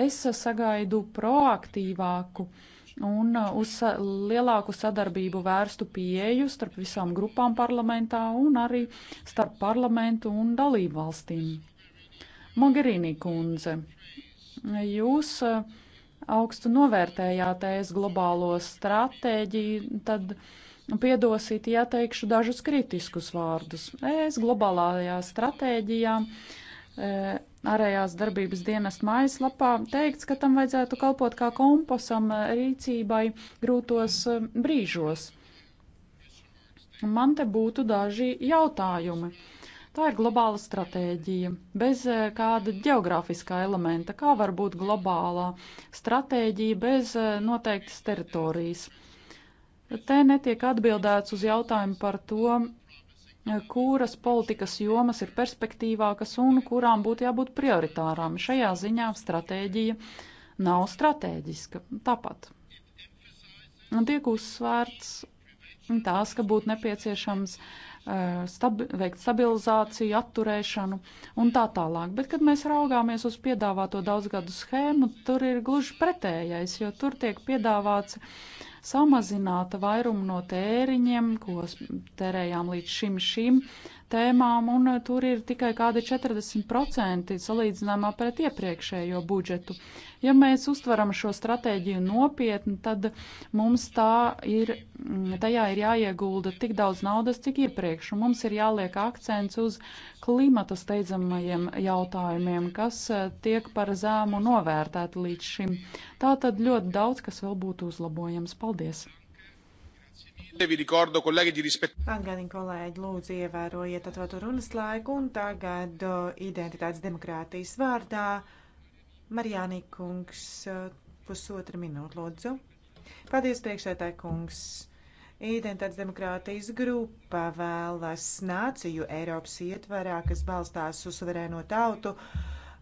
Es sagaidu proaktīvāku un uh, uz lielāku sadarbību vērstu pieeju starp visām grupām parlamentā un arī starp parlamentu un dalību valstīm. Mogherini kundze, jūs uh, augstu novērtējāt es globālo stratēģiju, tad piedosiet, ja teikšu dažus kritiskus vārdus. Es globālajā stratēģijā uh, ārējās darbības dienas mājaslapā teikts, ka tam vajadzētu kalpot kā komposam rīcībai grūtos eh, brīžos. Man te būtu daži jautājumi. Tā ir globāla stratēģija, bez eh, kāda geogrāfiskā elementa. Kā var būt globālā stratēģija bez eh, noteiktas teritorijas? Te netiek atbildēts uz jautājumu par to, kuras politikas jomas ir perspektīvākas un kurām būtu jābūt prioritārām. Šajā ziņā stratēģija nav stratēģiska. Tāpat tiek uzsvērts tās, ka būtu nepieciešams eh, stabi veikt stabilizāciju, atturēšanu un tā tālāk. Bet, kad mēs raugāmies uz piedāvāto daudzgadu schēmu, tur ir gluži pretējais, jo tur tiek piedāvāts uh, samazināta vairuma no tēriņiem, ko terējām līdz šim šim tēmām, un eh, tur ir tikai kādi 40% salīdzinājumā pret iepriekšējo budžetu. Ja mēs uztveram šo stratēģiju nopietni, tad mums tā ir, mm, tajā ir jāiegulda tik daudz naudas, cik iepriekš, un mums ir jāliek akcents uz klimata steidzamajiem jautājumiem, kas eh, tiek par zēmu novērtēti līdz šim. Tā tad ļoti daudz, kas vēl būtu uzlabojams. Paldies! Atgādini e kolēģi, lūdzu ievērojiet atvēlto runas laiku un tagad identitātes demokrātijas vārdā Marijāni kungs pusotra minūte, lūdzu. Paldies, priekšētāji kungs. Identitātes demokrātijas grupa vēlas nāciju Eiropas ietvarā, kas balstās uz suverēno tautu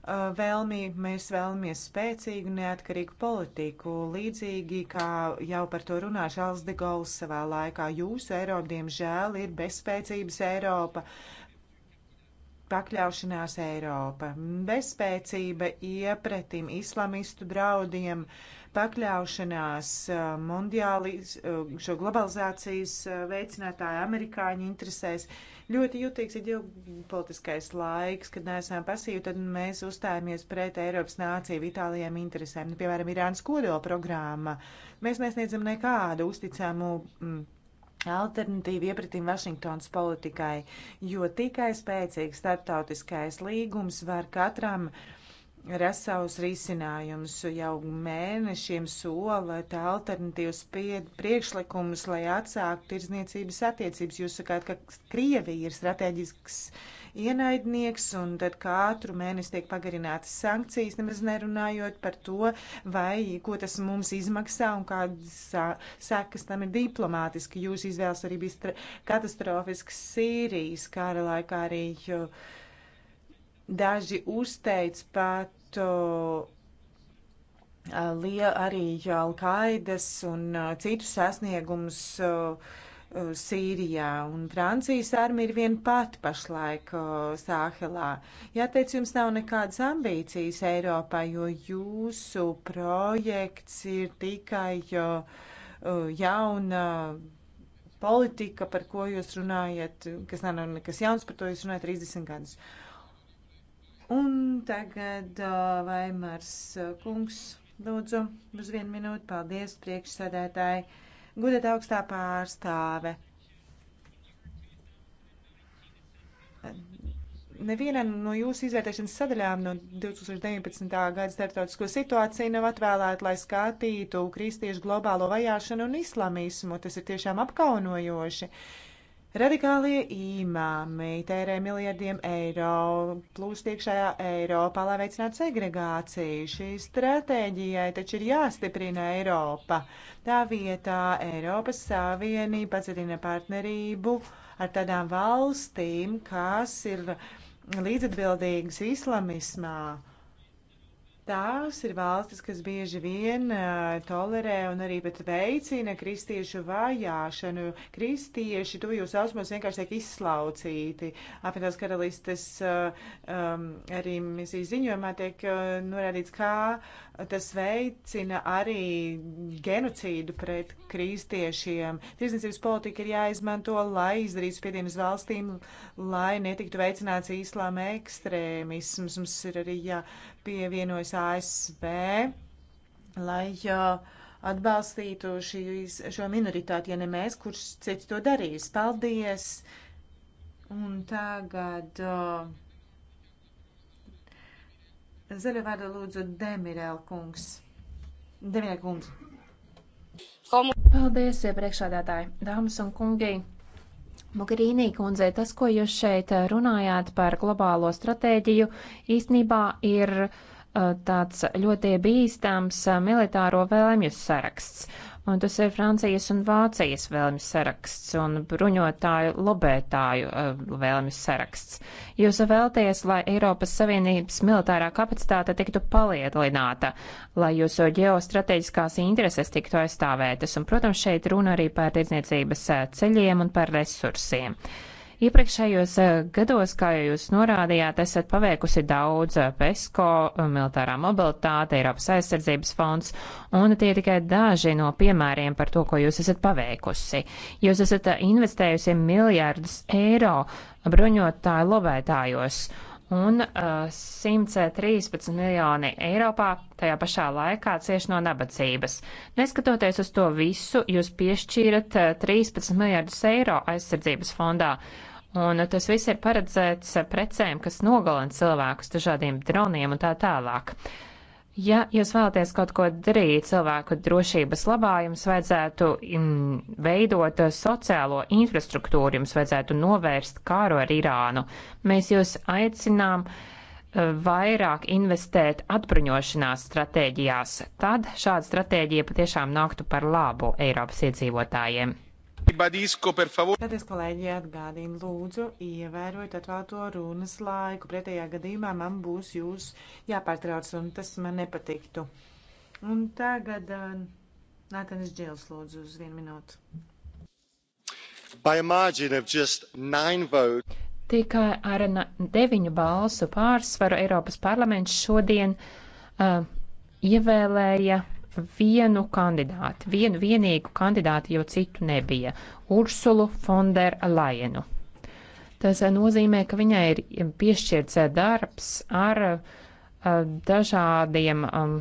vēlmī mēs vēlamies spēcīgu, neatkarīgu politiku, līdzīgi kā jau par to runāja Šāls de Gauls savā laikā. Jūsu Eiropa, diemžēl, ir bezspēcības Eiropa, pakļaušanās Eiropa, bezspēcība iepretim, islamistu draudiem, pakļaušanās mondiāli, šo globalizācijas veicinātāju amerikāņu interesēs Ļoti jutīgs ir ģeopolitiskais laiks, kad neesam pasīvi, tad mēs uzstājamies pret Eiropas nāciju vitālajiem interesēm. Nu, piemēram, Irānas kodola programma. Mēs nesniedzam nekādu uzticamu. Mm, Alternatīva iepratīm Vašingtonas politikai, jo tikai spēcīgs starptautiskais līgums var katram uh, rasavus risinājumus. Jau mēnešiem solot alternatīvas priekšlikumus, lai atsāktu tirdzniecības attiecības. Jūs sakāt, ka Krievija ir strateģisks ienaidnieks, un tad katru mēnesi tiek pagarinātas sankcijas, nemaz nerunājot par to, vai ko tas mums izmaksā un kādas sekas tam ir diplomātiski. Jūs izvēles arī bija katastrofisks Sīrijas kara laikā arī. Uh, Daži uzteic pat uh, arī Alkaidas un uh, citus sasniegumus uh, Sīrijā, un Francijas armija ir viena pati pašlaik o, Sāhelā. Jāteic, jums nav nekādas ambīcijas Eiropā, jo jūsu projekts ir tikai o, o, jauna politika, par ko jūs runājat, kas nav nekas jauns, par to jūs runājat 30 gadus. Uh, Un tagad uh, Vaimars uh, kungs, lūdzu, uz vienu minūti. Paldies, priekšsēdētāji. Gudat augstā pārstāve. Neviena no jūsu izvērtēšanas sadaļām no 2019. gada starptautisko situāciju nav atvēlēta, lai skatītu kristiešu globālo vajāšanu un islamismu. Tas ir tiešām apkaunojoši. Uh, Radikālie imāmi tērē miljardiem eiro, plūst iekšējā Eiropā, lai veicinātu segregāciju. Šī stratēģijai taču ir jāstiprina Eiropa. Tā vietā Eiropas Savienība padzirina partnerību ar tādām valstīm, kas ir līdzatbildīgas islamismā. Tās ir valstis, kas bieži vien uh, tolerē un arī pat veicina kristiešu vajāšanu. Kristieši tuvijos ausmos vienkārši tiek izslaucīti. Apvienotās karalistes uh, um, arī misijas ziņojumā tiek uh, norādīts, kā tas veicina arī genocīdu pret kristiešiem. Tiesnesības politika ir jāizmanto, lai izdarītu spiedienus valstīm, lai netiktu veicināts īslāma ekstrēmisms. Mums ir arī jā. Ja, pievienojas ASV, lai atbalstītu šīs, šo minoritāti, ja ne mēs, kurš cits to darīs. Paldies! Un tagad zaļo vārdu lūdzu Demirēl kungs. Demirēl kungs. Paldies, iepriekšādātāji, dāmas un kungi! Mogherīnī kundze, tas, ko jūs šeit eh, runājāt par globālo stratēģiju, īstenībā ir eh, tāds ļoti bīstams eh, militāro vēlmju saraksts un tas ir Francijas un Vācijas vēlmes saraksts un bruņotāju lobētāju eh, vēlmes saraksts. Jūs vēlties, lai Eiropas Savienības militārā kapacitāte tiktu palielināta, lai jūsu ģeostrateģiskās intereses tiktu aizstāvētas, un, protams, šeit runa arī par tirdzniecības eh, ceļiem un par resursiem. Iepriekšējos eh, gados, kā jūs norādījāt, esat paveikusi daudz eh, PESCO, eh, militārā mobilitāte, Eiropas aizsardzības fonds, un tie tikai daži no piemēriem par to, ko jūs esat paveikusi. Jūs esat investējusi miljārdus eiro bruņotāju lobētājos un uh, 113 miljoni Eiropā tajā pašā laikā cieši no nabadzības. Neskatoties uz to visu, jūs piešķīrat uh, 13 miljardus eiro aizsardzības fondā, Un tas viss ir paredzēts precēm, kas nogalina cilvēkus dažādiem droniem un tā tālāk. Ja jūs vēlaties kaut ko darīt cilvēku drošības labā, jums vajadzētu mm, veidot sociālo infrastruktūru, jums vajadzētu novērst kāru ar Irānu. Mēs jūs aicinām eh, vairāk investēt atbruņošanās stratēģijās. Tad šāda stratēģija patiešām nāktu par labu Eiropas iedzīvotājiem. Ribadīsko, per favor. Tātad, kolēģi, atgādinu, lūdzu, ievērojiet atvēlto runas laiku. Pretējā gadījumā man būs jūs jāpārtrauc, un tas man nepatiktu. Un tagad Nātanis Džēls, lūdzu, uz vienu minūtu. By a margin of just nine votes. Tikai ar deviņu balsu pārsvaru Eiropas parlaments šodien uh, ievēlēja vienu kandidātu, vienu vienīgu kandidātu, jo citu nebija - Ursulu Fonderlajenu. Tas eh, nozīmē, ka viņai ir eh, piešķirts eh, darbs ar dažādiem um,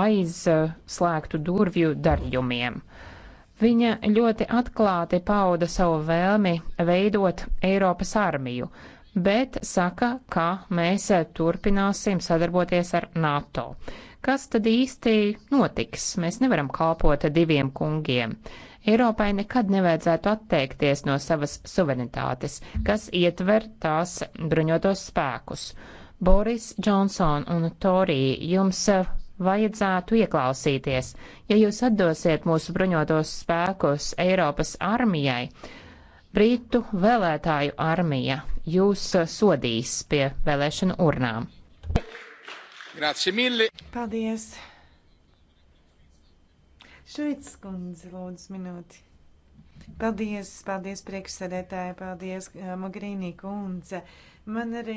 aizslēgtu durvju darījumiem. Viņa ļoti atklāti pauda savu vēlmi veidot Eiropas armiju, bet saka, ka mēs turpināsim sadarboties ar NATO. Kas tad īsti notiks? Mēs nevaram kalpot diviem kungiem. Eiropai nekad nevajadzētu atteikties no savas suverenitātes, kas ietver tās bruņotos spēkus. Boris Johnson un Torī, jums vajadzētu ieklausīties. Ja jūs atdosiet mūsu bruņotos spēkus Eiropas armijai, Brītu vēlētāju armija jūs sodīs pie vēlēšanu urnām. Paldies! Šuits kundze, lūdzu, minūti. Paldies, paldies priekšsēdētāji, paldies eh, Mogrīnī kundze. Man arī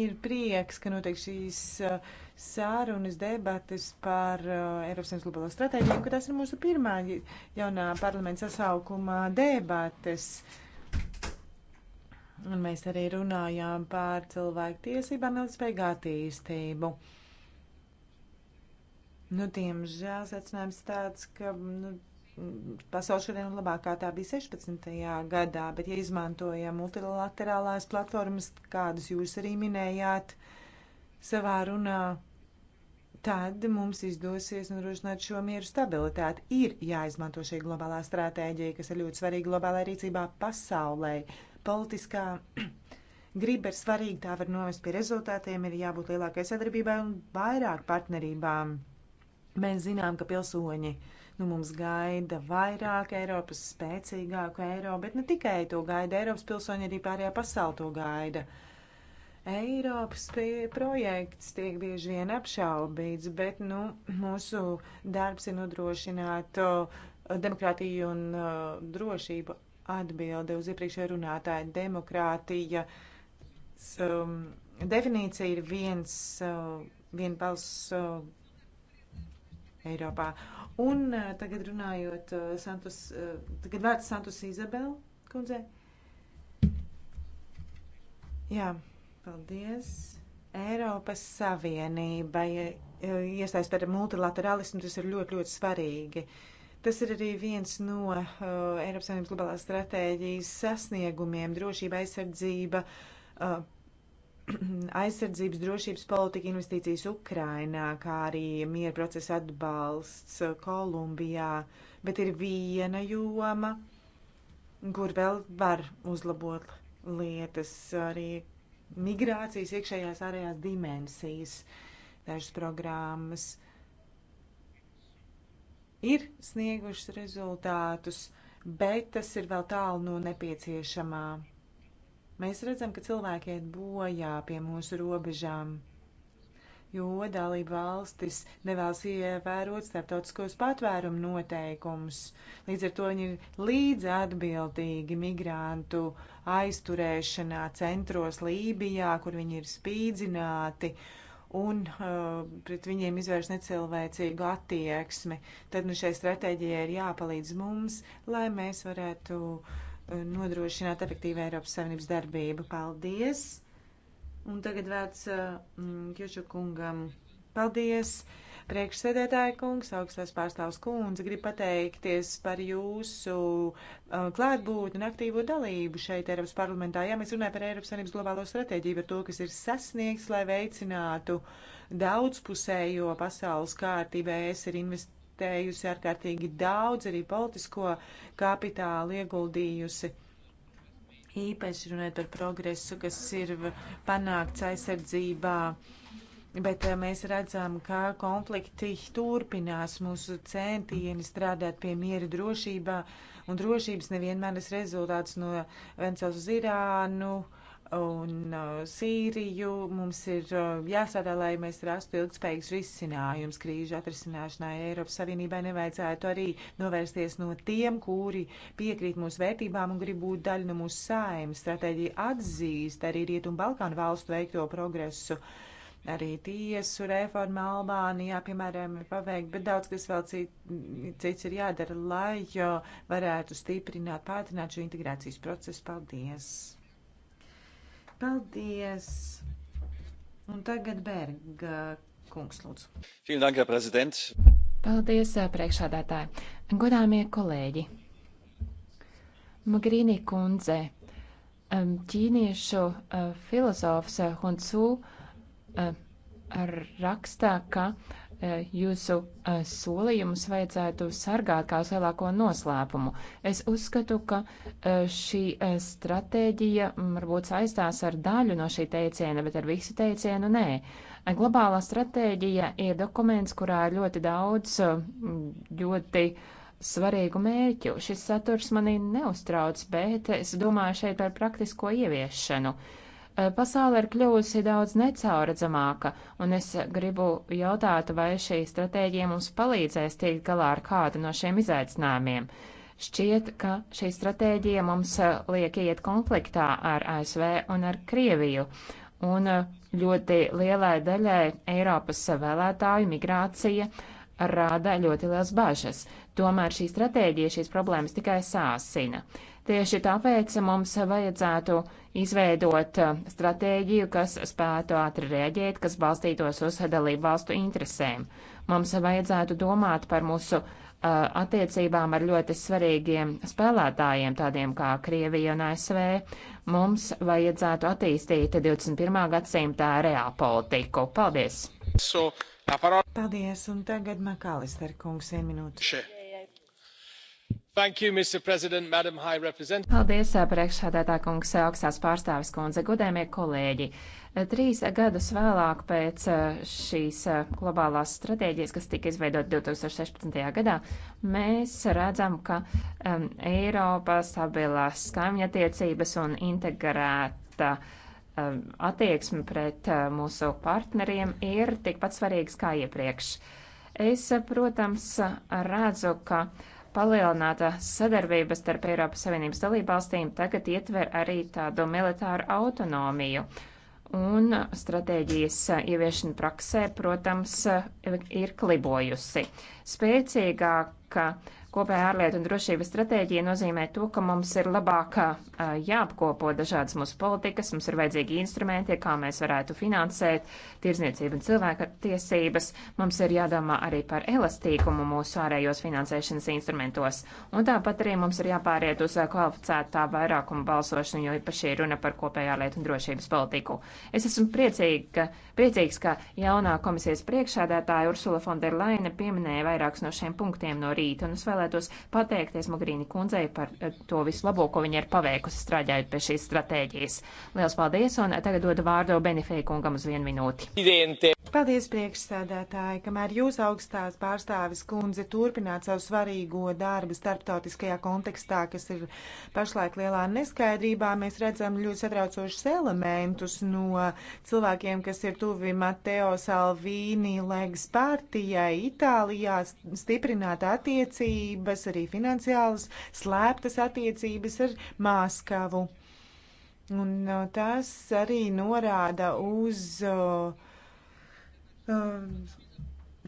ir prieks, ka notiek šīs eh, sārunas debates par eh, Eiropas Savienības globālo stratēģiju, ka tas ir mūsu pirmā jaunā parlamenta sasaukumā debates. Uh, Un mēs arī runājām par cilvēku tiesībām, ilgspējīgu attīstību. Nu, diemžēl secinājums tāds, ka nu, pasaule šodien ir labākā tā bija 16. gadā, bet ja izmantojam multilaterālās platformas, kādas jūs arī minējāt savā runā, tad mums izdosies nodrošināt šo mieru stabilitāti. Ir jāizmanto šī globālā stratēģija, kas ir ļoti svarīga globālajā rīcībā pasaulē politiskā griba ir svarīga, tā var novest pie rezultātiem, ir jābūt lielākai sadarbībai un vairāk partnerībām. Mēs zinām, ka pilsoņi nu, mums gaida vairāk Eiropas, spēcīgāku Eiropu, bet ne tikai to gaida Eiropas pilsoņi, arī pārējā pasauli to gaida. Eiropas projekts tiek bieži vien apšaubīts, bet nu, mūsu darbs ir nodrošināt uh, demokrātiju un uh, drošību atbildi uz iepriekšējo runātāju. Demokrātija um, definīcija ir viens, uh, vienbalss uh, Eiropā. Un uh, tagad runājot, uh, Santos, uh, tagad vērts Santos Izabela kundzei. Jā, paldies. Eiropas Savienībai uh, iesaistīt ar multilateralismu, tas ir ļoti, ļoti svarīgi. Uh, Tas ir arī viens no uh, Eiropas Savienības globālās stratēģijas sasniegumiem - drošība, aizsardzība, uh, aizsardzības, drošības politika, investīcijas Ukrainā, kā arī miera procesa atbalsts uh, Kolumbijā. Bet ir viena joma, kur vēl var uzlabot lietas, arī migrācijas iekšējās ārējās dimensijas, dažas programmas. Uh, ir sniegušas rezultātus, bet tas ir vēl tālu no nepieciešamā. Mēs redzam, ka cilvēki iet bojā pie mūsu robežām, jo dalība valstis nevēlas ievērot starptautiskos patvērumu noteikumus. Līdz ar to viņi ir līdz atbildīgi migrantu aizturēšanā centros Lībijā, kur viņi ir spīdzināti. Uh, un uh, pret viņiem izvērst necilvēcīgu attieksmi. Tad nu šai stratēģijai ir jāpalīdz mums, lai mēs varētu uh, nodrošināt efektīvu Eiropas Savienības darbību. Paldies! Un tagad vērts uh, mm, Kjušu kungam. Paldies! Uh, Priekšsēdētāja kungs, augstās pārstāvs kundze, grib pateikties par jūsu uh, klātbūtni un aktīvo dalību šeit Eiropas parlamentā. Jā, mēs runājam par Eiropas Savienības globālo stratēģiju, par to, kas ir sasniegts, lai veicinātu daudzpusējo pasaules kārtību. Es ir investējusi ārkārtīgi daudz, arī politisko kapitālu ieguldījusi īpaši runājot par progresu, kas ir panākts aizsardzībā, uh, Bet eh, mēs redzam, ka konflikti turpinās mūsu centieni strādāt pie miera drošībā, un drošības nevienmēr ir rezultāts no Vencels uz Irānu un eh, Sīriju. Mums ir eh, jāstrādā, lai mēs rastu ilgspējīgs risinājums krīžu atrisināšanai. Eiropas Savienībai nevajadzētu arī novērsties no tiem, kuri piekrīt mūsu vērtībām un grib būt daļa no mūsu saimas. Stratēģija atzīst arī Rietumu Balkānu valstu veikto progresu. Uh, arī tiesu reforma Albānijā, piemēram, ir paveikta, bet daudz kas vēl cits ir jādara, lai varētu stiprināt, pātrināt šo integrācijas procesu. Paldies! Paldies! Un tagad Berga kungs lūdzu. Fīlnāk, prezidents! Paldies, eh, priekšādātāji! Godāmie kolēģi! Magrīnī kundze, ķīniešu eh, filozofs eh, Hunsu Eh, rakstā, ka eh, jūsu eh, solījumus vajadzētu sargāt kā lielāko noslēpumu. Es uzskatu, ka šī stratēģija mm, varbūt saistās ar daļu no šī teiciena, bet ar visu teicienu nē. Globālā stratēģija ir dokuments, kurā ir ļoti daudz ļoti svarīgu mērķu. Šis saturs manī neuztrauc, bet es domāju šeit par praktisko ieviešanu. Uh, Eh, pasaule ir kļuvusi daudz necauredzamāka, un es gribu jautāt, vai šī stratēģija mums palīdzēs tikt galā ar kādu no šiem izaicinājumiem. Šķiet, ka šī stratēģija mums eh, liek iet konfliktā ar ASV un ar Krieviju, un eh, ļoti lielai daļai Eiropas vēlētāju migrācija rada ļoti liels bažas. Tomēr šī stratēģija šīs problēmas tikai sāsina. Tieši tāpēc mums vajadzētu izveidot uh, stratēģiju, kas spētu ātri rēģēt, kas balstītos uz dalību valstu interesēm. Mums vajadzētu domāt par mūsu uh, attiecībām ar ļoti svarīgiem spēlētājiem, tādiem kā Krievija un ASV. Mums vajadzētu attīstīt 21. gadsimtā reālpolitiku. Paldies! So, Paldies, un tagad Makalister kungs, vien minūte. You, Mr. President, Madam High Representative. Paldies, priekšsēdētā kungs, augstās pārstāvis kundze, godējumie kolēģi. Trīs gadus vēlāk pēc šīs globālās stratēģijas, kas tika izveidot 2016. gadā, mēs redzam, ka um, Eiropa stabilās kaimiņattiecības un integrēta um, attieksme pret uh, mūsu partneriem ir tikpat svarīgs kā iepriekš. Es, protams, redzu, ka uh, palielināta sadarbība starp Eiropas Savienības dalībvalstīm tagad ietver arī tādu militāru autonomiju. Un stratēģijas ieviešana praksē, protams, ir klibojusi. Spēcīgāka uh, Kopējā ārlietu un drošības stratēģija nozīmē to, ka mums ir labāk jāapkopo dažādas mūsu politikas, mums ir vajadzīgi instrumenti, kā mēs varētu finansēt tirzniecību un cilvēku tiesības, mums ir jādomā arī par elastīkumu mūsu ārējos finansēšanas instrumentos, un tāpat arī mums ir jāpāriet uz kvalificētā vairākuma balsošanu, jo īpaši ir runa par kopējā ārlietu un drošības politiku. Es esmu priecīga, priecīgs, ka jaunā komisijas priekšādātāja Ursula von der Leine pieminēja vairākus no šiem punktiem no rīta, un es vēl vēlētos pateikties Magrīni kundzei par eh, to visu labo, ko viņa ir paveikusi strādājot pie šīs stratēģijas. Liels paldies, un tagad dodu vārdu Benifei kungam uz vienu minūti. Paldies, priekšsēdētāji, kamēr jūs augstās pārstāvis kundze turpināt savu svarīgo darbu starptautiskajā kontekstā, kas ir pašlaik lielā neskaidrībā, mēs redzam ļoti satraucošus elementus no cilvēkiem, kas ir tuvi Mateo Salvini Legas partijai Itālijā stiprināt attiecības attiecības, arī finansiālas slēptas attiecības ar Māskavu. Un uh, tas arī norāda uz uh, uh,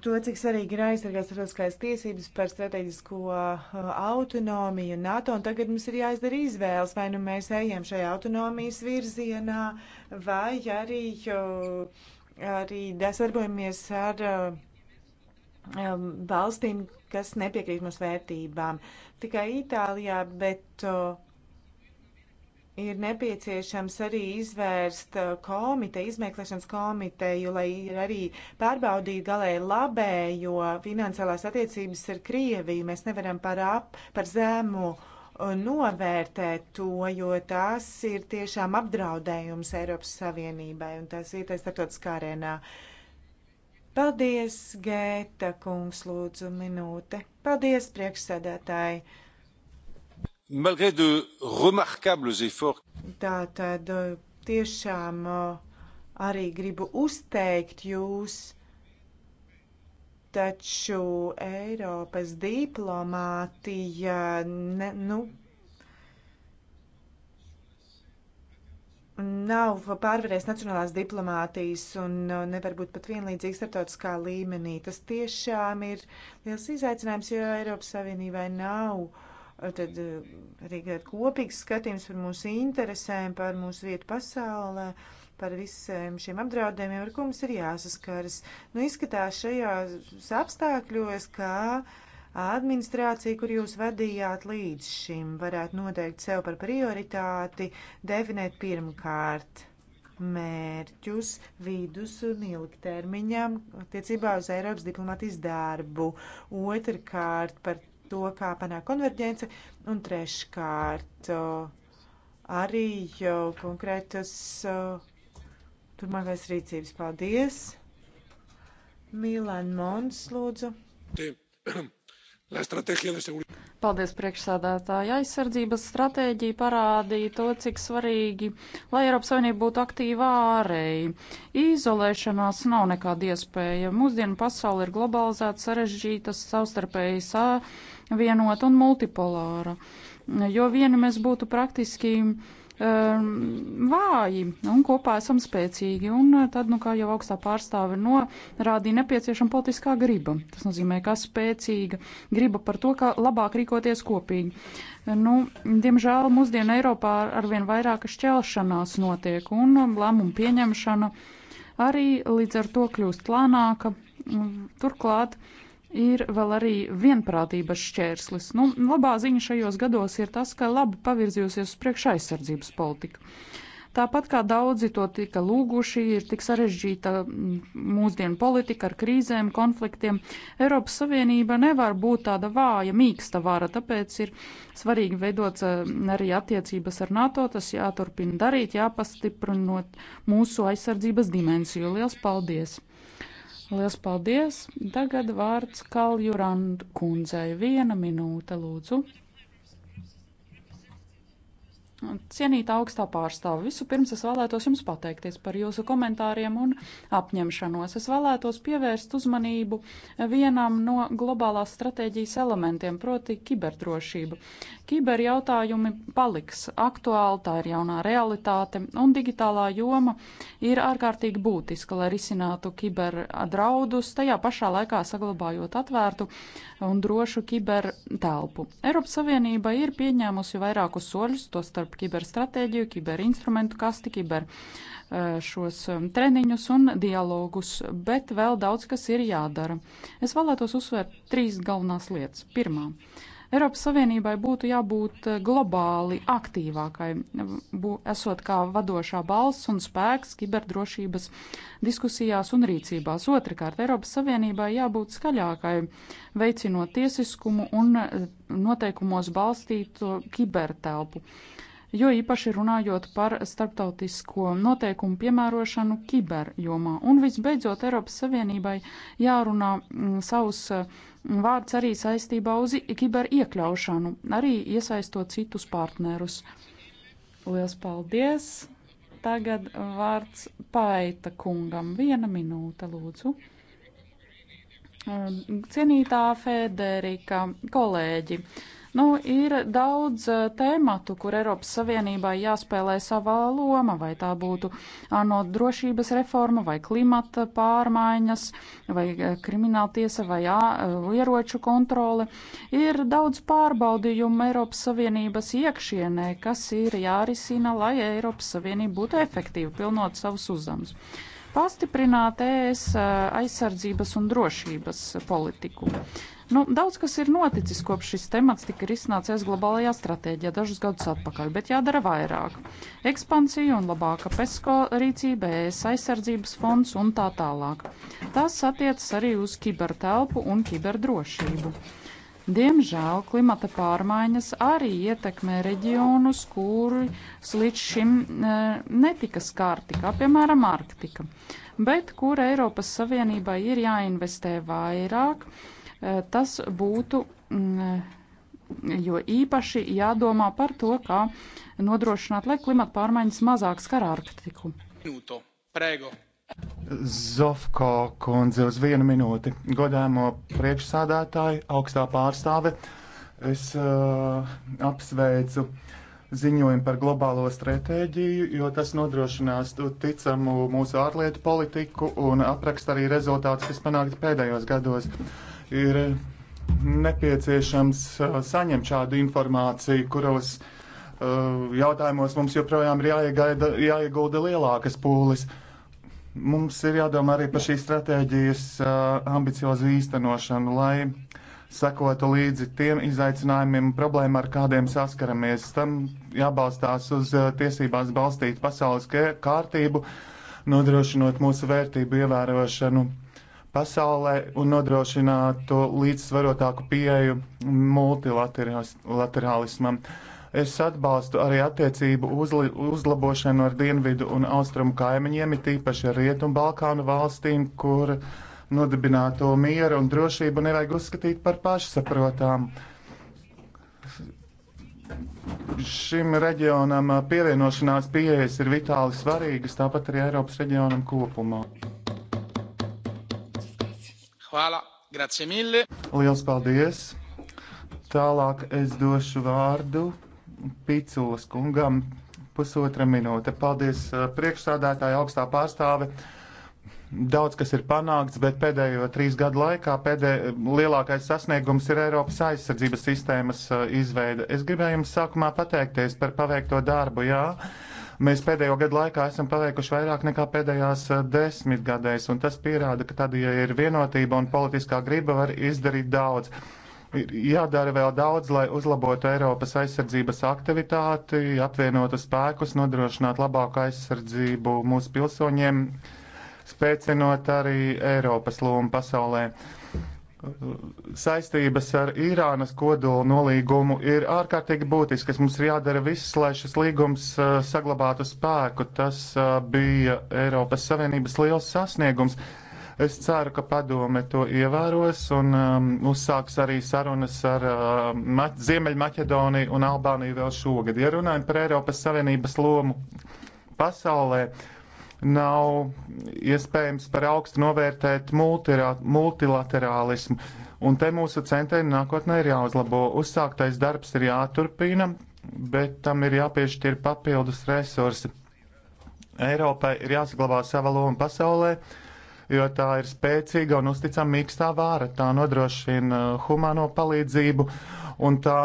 to, cik svarīgi ir aizsargāt starptautiskās tiesības par strateģisko uh, autonomiju NATO, un tagad mums ir jāizdara izvēles, vai nu mēs ejam šajā autonomijas virzienā, vai arī, uh, arī desarbojamies ar um, valstīm, kas nepiekrīt mūsu vērtībām. Tikai Itālijā, bet ir nepieciešams arī izvērst komiteju, izmeklēšanas komiteju, lai arī pārbaudītu galēji labējo finansiālās attiecības ar Krieviju. Mēs nevaram par, ap, par zemu novērtēt to, jo tas ir tiešām apdraudējums Eiropas Savienībai un tas ir tas starptautiskā arēnā. Uh, Paldies, Gēta kungs, lūdzu minūte. Paldies, priekšsēdētāji. Malgré de remarquables efforts. Tātad tiešām arī gribu uzteikt jūs, taču Eiropas diplomātija, ne, nu, nav pārvarējis nacionālās diplomātijas un uh, nevar būt pat vienlīdzīgi starptautiskā līmenī. Tas tiešām ir liels izaicinājums, jo Eiropas Savienībai nav uh, tad uh, arī kopīgs skatījums par mūsu interesēm, par mūsu vietu pasaulē, par visiem šiem apdraudējumiem, ar ko mums ir jāsaskaras. Nu, izskatās šajās apstākļos, kā ka administrācija, kur jūs vadījāt līdz šim, varētu noteikt sev par prioritāti, definēt pirmkārt mērķus vidus un ilgtermiņam attiecībā uz Eiropas diplomātijas darbu, otrkārt par to, kā panākt konverģence, un treškārt arī konkrētas turmākais rīcības. Paldies! Milan Mons, lūdzu. Paldies, priekšsādātāji. Aizsardzības stratēģija parādīja to, cik svarīgi, lai Eiropas Savienība būtu aktīva ārēji. Izolēšanās nav nekāda iespēja. Mūsdienu pasauli ir globalizēta, sarežģīta, savstarpēji savienota un multipolāra. Jo vieni mēs būtu praktiski Ehm, vāji un kopā esam spēcīgi. Un eh, tad, nu, kā jau augstā pārstāve norādīja, nepieciešama politiskā griba. Tas nozīmē, ka spēcīga griba par to, kā labāk rīkoties kopīgi. Nu, diemžēl mūsdienu Eiropā arvien vairāk šķelšanās notiek un lēmumu pieņemšana arī līdz ar to kļūst lēnāka. Turklāt ir vēl arī vienprātības šķērslis. Nu, labā ziņa šajos gados ir tas, ka labi pavirzījusies uz priekšu aizsardzības politika. Tāpat kā daudzi to tika lūguši, ir tik sarežģīta mm, mūsdienu politika ar krīzēm, konfliktiem. Eiropas Savienība nevar būt tāda vāja, mīksta vara, tāpēc ir svarīgi veidot mm, arī attiecības ar NATO. Tas jāturpina darīt, jāpastiprinot mūsu aizsardzības dimensiju. Liels paldies! Liels paldies! Tagad vārds Kaljurand kundzei. Viena minūte, lūdzu. Cienīta augstā pārstāve, vispirms es vēlētos jums pateikties par jūsu komentāriem un apņemšanos. Es vēlētos pievērst uzmanību vienam no globālās stratēģijas elementiem, proti kiberdrošību. Kiber jautājumi paliks aktuāli, tā ir jaunā realitāte, un digitālā joma ir ārkārtīgi būtiska, lai risinātu kiber draudus, tajā pašā laikā saglabājot atvērtu un drošu kiber telpu. Eiropas Savienība ir pieņēmusi vairākus soļus, to starp kiberstratēģiju, kiberinstrumentu kasti, kiber e, šos e, treniņus un dialogus, bet vēl daudz kas ir jādara. Es vēlētos uzsvērt trīs galvenās lietas. Pirmā. Eiropas Savienībai būtu jābūt eh, globāli aktīvākai, esot kā vadošā balss un spēks kiberdrošības diskusijās un rīcībās. Otrakārt, Eiropas Savienībai jābūt skaļākai, veicinot tiesiskumu un eh, noteikumos balstītu kibertelpu. Uh, jo īpaši runājot par starptautisko noteikumu piemērošanu kiberjomā. Un visbeidzot, Eiropas Savienībai jārunā mm, savus mm, vārds arī saistībā uz kiberiekļaušanu, arī iesaistot citus partnerus. Lielas paldies! Tagad vārds Paita kungam. Viena minūte, lūdzu. Cienītā Federika, kolēģi, uh, Nu, ir daudz eh, tēmatu, kur Eiropas Savienībai jāspēlē savā loma, vai tā būtu ANO drošības reforma, vai klimata pārmaiņas, vai eh, krimināltiesa, vai jā, eh, ieroču kontrole. Ir daudz pārbaudījumu Eiropas Savienības iekšienē, kas ir jārisina, lai Eiropas Savienība būtu efektīva, pilnot savus uzdevumus pastiprināt ES aizsardzības un drošības politiku. Nu, daudz kas ir noticis kopš šis temats tika risināts ES globālajā stratēģijā dažus gadus atpakaļ, bet jādara vairāk. Ekspansija un labāka PESCO rīcība, ES aizsardzības fonds un tā tālāk. Tas attiecas arī uz kibertelpu un kiberdrošību. Diemžēl klimata pārmaiņas arī ietekmē reģionus, kurus līdz šim e, netika skārti, kā piemēram Arktika, bet kur Eiropas Savienībai ir jāinvestē vairāk, e, tas būtu, mm, jo īpaši jādomā par to, kā nodrošināt, lai klimata pārmaiņas mazāk skar Arktiku. Minuto, prego. Zofko kundze uz vienu minūti. Godāmo priekšsādātāju, augstā pārstāve, es uh, apsveicu ziņojumu par globālo stratēģiju, jo tas nodrošinās ticamu mūsu ārlietu politiku un apraksta arī rezultātus, kas panākti pēdējos gados. Ir nepieciešams uh, saņemt šādu informāciju, kuros uh, jautājumos mums joprojām ir jāiegulda lielākas pūles. Uh, Mums ir jādomā arī par šīs stratēģijas ambiciozu īstenošanu, lai sekotu līdzi tiem izaicinājumiem un problēmām, ar kādiem saskaramies. Tam jābalstās uz tiesībās balstīt pasaules kārtību, nodrošinot mūsu vērtību ievērošanu pasaulē un nodrošinātu līdzsvarotāku pieeju multilaterālismam. Multilaterālis Es atbalstu arī attiecību uzli, uzlabošanu ar dienvidu un austrumu kaimiņiem, it īpaši ar rietumu Balkānu valstīm, kur nodibināto mieru un drošību nevajag uzskatīt par pašsaprotām. Šim reģionam pievienošanās pieejas ir vitāli svarīgas, tāpat arī Eiropas reģionam kopumā. Hvala, grazie mille. Liels paldies! Tālāk es došu vārdu Piculas kungam pusotra minūte. Paldies priekšsādātāja augstā pārstāve. Daudz kas ir panākts, bet pēdējo trīs gadu laikā pēdē, lielākais sasniegums ir Eiropas aizsardzības sistēmas izveide. Es gribēju jums sākumā pateikties par paveikto darbu, jā. Mēs pēdējo gadu laikā esam paveikuši vairāk nekā pēdējās desmitgadēs, un tas pierāda, ka tad, ja ir vienotība un politiskā griba, var izdarīt daudz. Ir jādara vēl daudz, lai uzlabotu Eiropas aizsardzības aktivitāti, apvienotu spēkus, nodrošinātu labāku aizsardzību mūsu pilsoņiem, spēcinot arī Eiropas lomu pasaulē. Saistības ar Irānas kodolu nolīgumu ir ārkārtīgi būtiskas. Mums ir jādara viss, lai šis līgums uh, saglabātu spēku. Tas uh, bija Eiropas Savienības liels sasniegums. Es ceru, ka padome to ievēros un um, uzsāks arī sarunas ar uh, Ma Ziemeļmaķedoniju un Albāniju vēl šogad. Ja runājam par Eiropas Savienības lomu pasaulē, nav iespējams par augstu novērtēt multilaterālismu. Un te mūsu centieni nākotnē ir jāuzlabo. Uzsāktais darbs ir jāturpina, bet tam ir jāpiešķir papildus resursi. Eiropai ir jāsaglabā sava loma pasaulē. Uh, jo tā ir spēcīga un uzticama mīkstā vāra. Tā nodrošina uh, humāno palīdzību un tā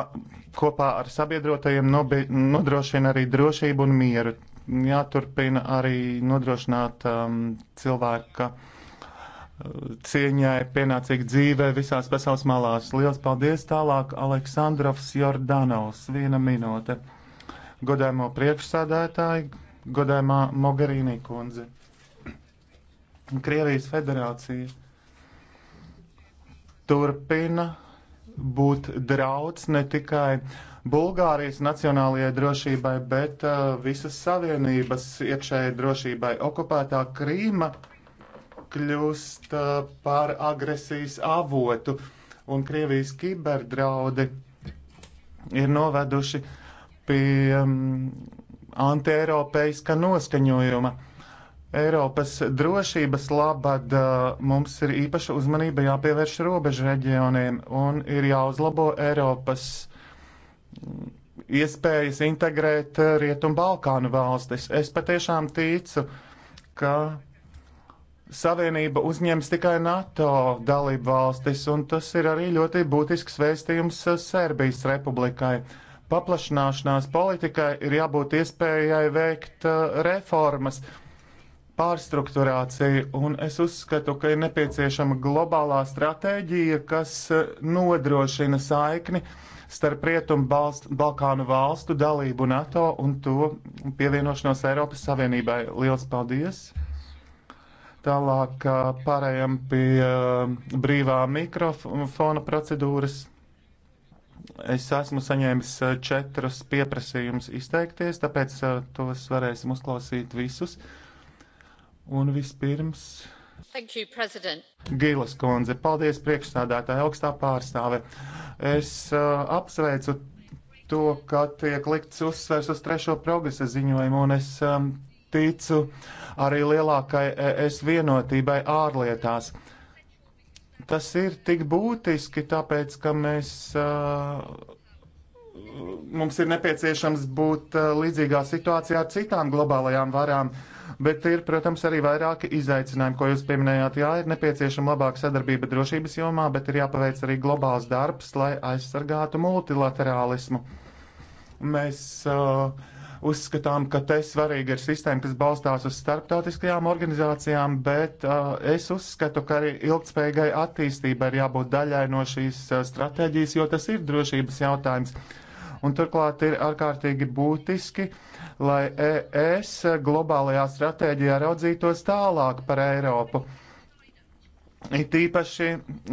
kopā ar sabiedrotajiem nodrošina arī drošību un mieru. Jāturpina arī nodrošināt um, cilvēka uh, cieņai pienācīga dzīve visās pasaules malās. Liels paldies tālāk Aleksandrovs Jordanovs, viena minūte. Godājumo priekšsādātāji, godājumā Mogarīnī kundze. Krievijas federācija turpina būt drauds ne tikai Bulgārijas nacionālajai drošībai, bet uh, visas savienības iekšējai drošībai. Okupētā Krīma kļūst uh, par agresijas avotu, un Krievijas kiberdraudi ir noveduši pie um, antieiropeiska noskaņojuma. Uh, Eiropas drošības labad uh, mums ir īpaša uzmanība jāpievērš robežu reģioniem un ir jāuzlabo Eiropas mm, iespējas integrēt uh, Rietumu Balkānu valstis. Es patiešām ticu, ka Savienība uzņems tikai NATO dalību valstis, un tas ir arī ļoti būtisks vēstījums uh, Serbijas republikai paplašināšanās politikai ir jābūt iespējai veikt reformas pārstruktūrāciju, un es uzskatu, ka ir nepieciešama globālā stratēģija, kas eh, nodrošina saikni starp Rietumu balst, Balkānu valstu dalību NATO un to pievienošanos Eiropas Savienībai. Liels paldies! Tālāk eh, pārējām pie uh, brīvā mikrofona procedūras. Es esmu saņēmis četrus pieprasījumus izteikties, tāpēc uh, tos varēsim uzklausīt visus. Uh, Un vispirms. You, Gīles kundze, paldies priekšstādātāja augstā pārstāve. Es uh, apsveicu to, ka tiek likts uzsvers uz trešo progresa ziņojumu, un es um, ticu arī lielākai es vienotībai ārlietās. Tas ir tik būtiski, tāpēc, ka mēs. Uh, mums ir nepieciešams būt eh, līdzīgā situācijā ar citām globālajām varām, bet ir, protams, arī vairāki izaicinājumi, ko jūs pieminējāt. Jā, ir nepieciešama labāka sadarbība drošības jomā, bet ir jāpaveic arī globāls darbs, lai aizsargātu multilaterālismu. Mēs uh, uzskatām, ka te svarīga ir sistēma, kas balstās uz starptautiskajām organizācijām, bet uh, es uzskatu, ka arī ilgspējīgai attīstībai ir jābūt daļai no šīs uh, stratēģijas, jo tas ir drošības jautājums. Un turklāt ir ārkārtīgi būtiski, lai ES globālajā stratēģijā raudzītos tālāk par Eiropu. It īpaši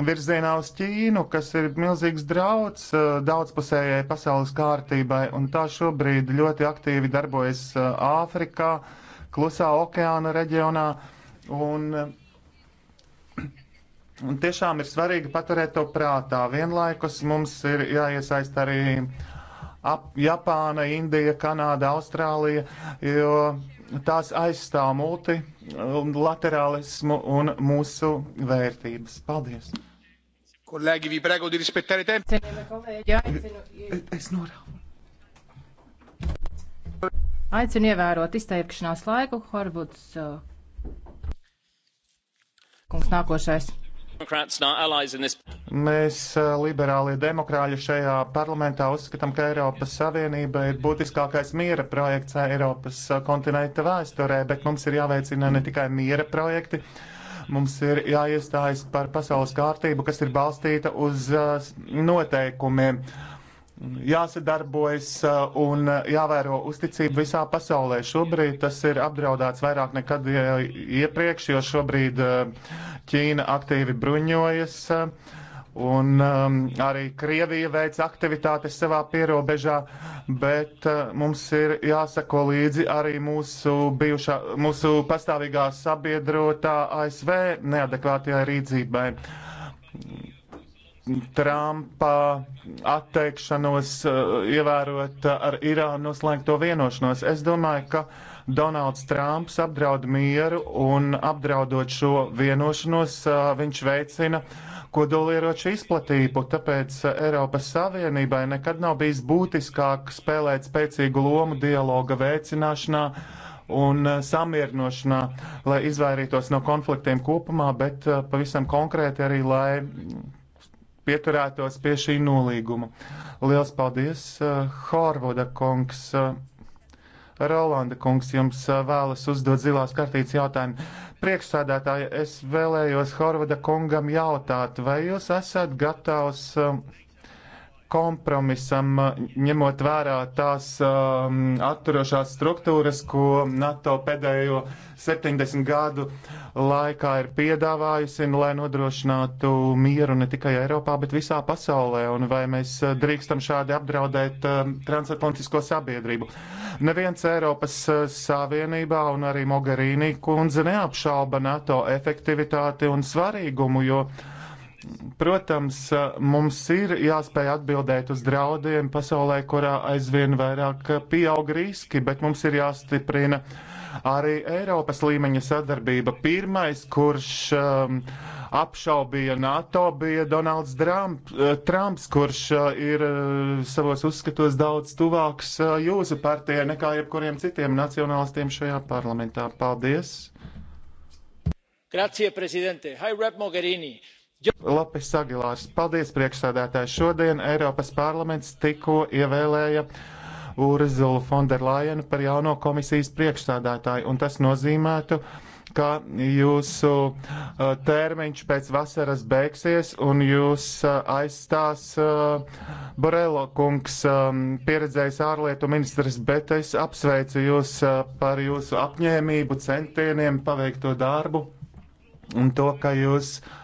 virzienā uz Ķīnu, kas ir milzīgs drauds uh, daudzpusējai pasaules kārtībai, un tā šobrīd ļoti aktīvi darbojas uh, Āfrikā, Klusā okeāna reģionā. Un, un tiešām ir svarīgi paturēt to prātā. Vienlaikus mums ir jāiesaist arī ap Japāna, Indija, Kanāda, Austrālija, jo tās aizstāv multilaterālismu un mūsu vērtības. Paldies! Kolēģi, vi prego di rispettare tempi. Es norādu. Aicinu ievērot izteikšanās laiku. Horvuds uh, kungs nākošais. Mēs, eh, liberālie demokrāļi, šajā parlamentā uzskatām, ka Eiropas Savienība ir būtiskākais miera projekts Eiropas eh, kontinenta vēsturē, bet mums ir jāveicina ne tikai miera projekti, mums ir jāiestājas par pasaules kārtību, kas ir balstīta uz eh, noteikumiem. Uh, jāsadarbojas uh, un uh, jāvēro uzticība visā pasaulē. Šobrīd tas ir apdraudēts vairāk nekad iepriekš, jo šobrīd uh, Ķīna aktīvi bruņojas. Un um, arī Krievija veic aktivitātes savā pierobežā, bet uh, mums ir jāsako līdzi arī mūsu bijušā, mūsu pastāvīgā sabiedrotā ASV neadekvātajai rīdzībai Trumpa atteikšanos eh, ievērot eh, ar Irānu noslēgto vienošanos. Es domāju, ka Donalds Trumps apdraud mieru un apdraudot šo vienošanos, eh, viņš veicina kodolieroču izplatību, tāpēc Eiropas Savienībai nekad nav bijis būtiskāk spēlēt spēcīgu lomu dialoga veicināšanā un samierinošanā, lai izvairītos no konfliktiem kopumā, bet pavisam konkrēti arī, lai pieturētos pie šī nolīguma. Liels paldies, uh, Hārvoda kungs! Uh, Rolanda kungs jums uh, vēlas uzdot zilās kartītes jautājumu. Priekšsādātāji, es vēlējos Horvada kungam jautāt, vai jūs esat gatavs uh, kompromisam, ņemot vērā tās um, atturošās struktūras, ko NATO pēdējo 70 gadu laikā ir piedāvājusi, nu, lai nodrošinātu mieru ne tikai Eiropā, bet visā pasaulē, un vai mēs uh, drīkstam šādi apdraudēt um, transatlantisko sabiedrību. Neviens Eiropas uh, Savienībā un arī Mogherīnī kundze neapšauba NATO efektivitāti un svarīgumu, jo uh, Protams, mums ir jāspēj atbildēt uz draudiem pasaulē, kurā aizvien vairāk pieaug riski, bet mums ir jāstiprina arī Eiropas līmeņa sadarbība. Pirmais, kurš um, apšaubīja NATO, bija Donalds Trump, Trumps, kurš uh, ir uh, savos uzskatos daudz tuvāks uh, jūsu partijai nekā jebkuriem citiem nacionālistiem šajā parlamentā. Paldies! Grazie, prezidente! High Rep Mogherini! Lopes Agilārs, paldies priekšsādātāji. Šodien Eiropas parlaments tikko ievēlēja Urzulu Fonderlajenu par jauno komisijas priekšsādātāju, un tas nozīmētu, ka jūsu uh, termiņš pēc vasaras beigsies un jūs uh, aizstās uh, Borelo kungs, um, pieredzējis ārlietu ministrs, bet es apsveicu jūs uh, par jūsu apņēmību, centieniem paveikto darbu un to, ka jūs uh,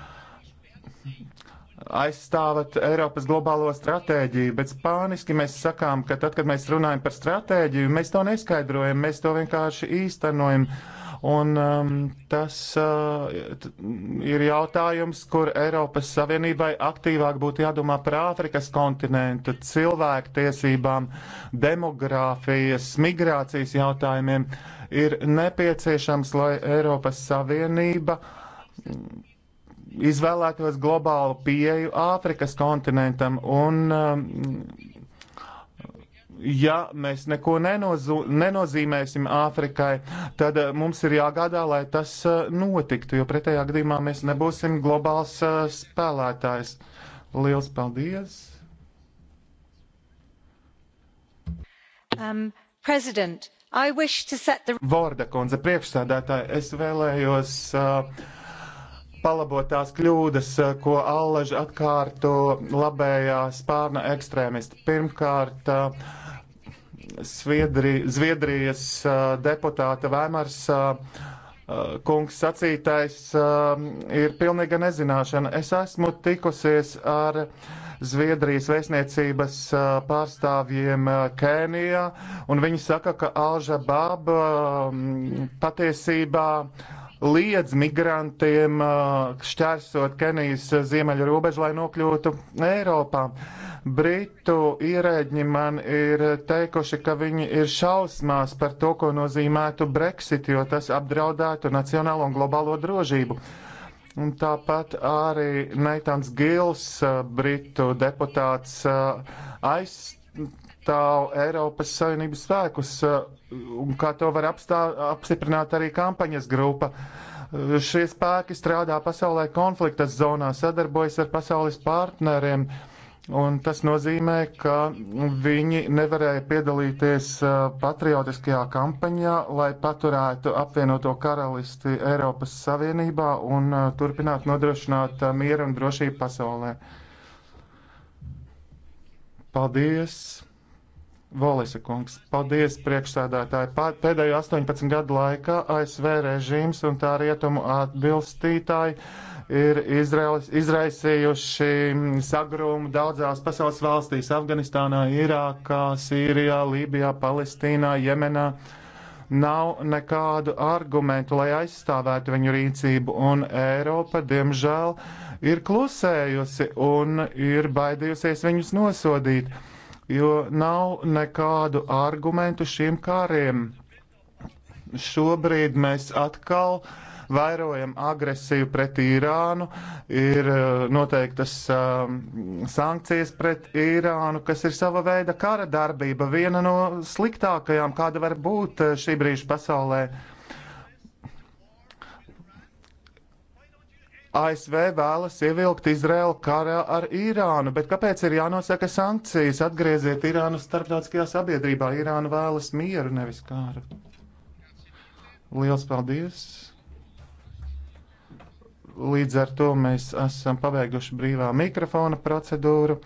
aizstāvat Eiropas globālo stratēģiju, bet spāniski mēs sakām, ka tad, kad mēs runājam par stratēģiju, mēs to neskaidrojam, mēs to vienkārši īstenojam. Un um, tas uh, ir jautājums, kur Eiropas Savienībai aktīvāk būtu jādomā par Āfrikas kontinentu, cilvēktiesībām, demogrāfijas, migrācijas jautājumiem. Ir nepieciešams, lai Eiropas Savienība izvēlētos globālu pieeju Āfrikas kontinentam un um, ja mēs neko nenozū, nenozīmēsim Āfrikai, tad uh, mums ir jāgādā, lai tas uh, notiktu, jo pretējā gadījumā mēs nebūsim globāls uh, spēlētājs. Liels paldies! Um, the... Vorda kundze, priekšsēdētāji, es vēlējos uh, palabot tās kļūdas, eh, ko allaž atkārto labējā spārna ekstrēmisti. Pirmkārt, eh, Sviedri, Zviedrijas eh, deputāta Vēmars kungs sacītais ir pilnīga nezināšana. Es esmu tikusies ar Zviedrijas vēstniecības pārstāvjiem Kēnijā, un viņi saka, ka Alža Baba patiesībā liedz migrantiem šķērsot Kenijas ziemeļu robežu, lai nokļūtu Eiropā. Britu ierēģi man ir teikuši, ka viņi ir šausmās par to, ko nozīmētu Brexit, jo tas apdraudētu nacionālo un globālo drošību. Un tāpat arī Neitans Gils, britu deputāts, aizstāvja atstāv Eiropas Savienības spēkus, uh, un kā to var apstā, apstiprināt arī kampaņas grupa. Uh, šie spēki strādā pasaulē konflikta zonā, sadarbojas ar pasaules partneriem. Un tas nozīmē, ka viņi nevarēja piedalīties uh, patriotiskajā kampaņā, lai paturētu apvienoto karalisti Eiropas Savienībā un turpinātu nodrošināt mieru un drošību pasaulē. Paldies! Volisa kungs, paldies priekšsēdētāji. Pēdējo 18 gadu laikā ASV režīms un tā rietumu atbilstītāji ir izraiz, izraisījuši sagrumu daudzās pasaules valstīs - Afganistānā, Irākā, Sīrijā, Lībijā, Palestīnā, Jemenā. Nav nekādu argumentu, lai aizstāvētu viņu rīcību, un Eiropa, diemžēl, ir klusējusi un ir baidījusies viņus nosodīt jo nav nekādu argumentu šiem kāriem. Šobrīd mēs atkal vairojam agresiju pret Irānu, ir eh, noteiktas um, sankcijas pret Irānu, kas ir sava veida kara darbība, viena no sliktākajām, kāda var būt eh, šī brīža pasaulē. Uh, ASV vēlas ievilkt Izraelu karā ar Irānu, bet kāpēc ir jānosaka sankcijas? Atgrieziet Irānu starptautiskajā sabiedrībā. Irāna vēlas mieru, nevis kāru. Liels paldies! Līdz ar to mēs esam pabeiguši brīvā mikrofona procedūru,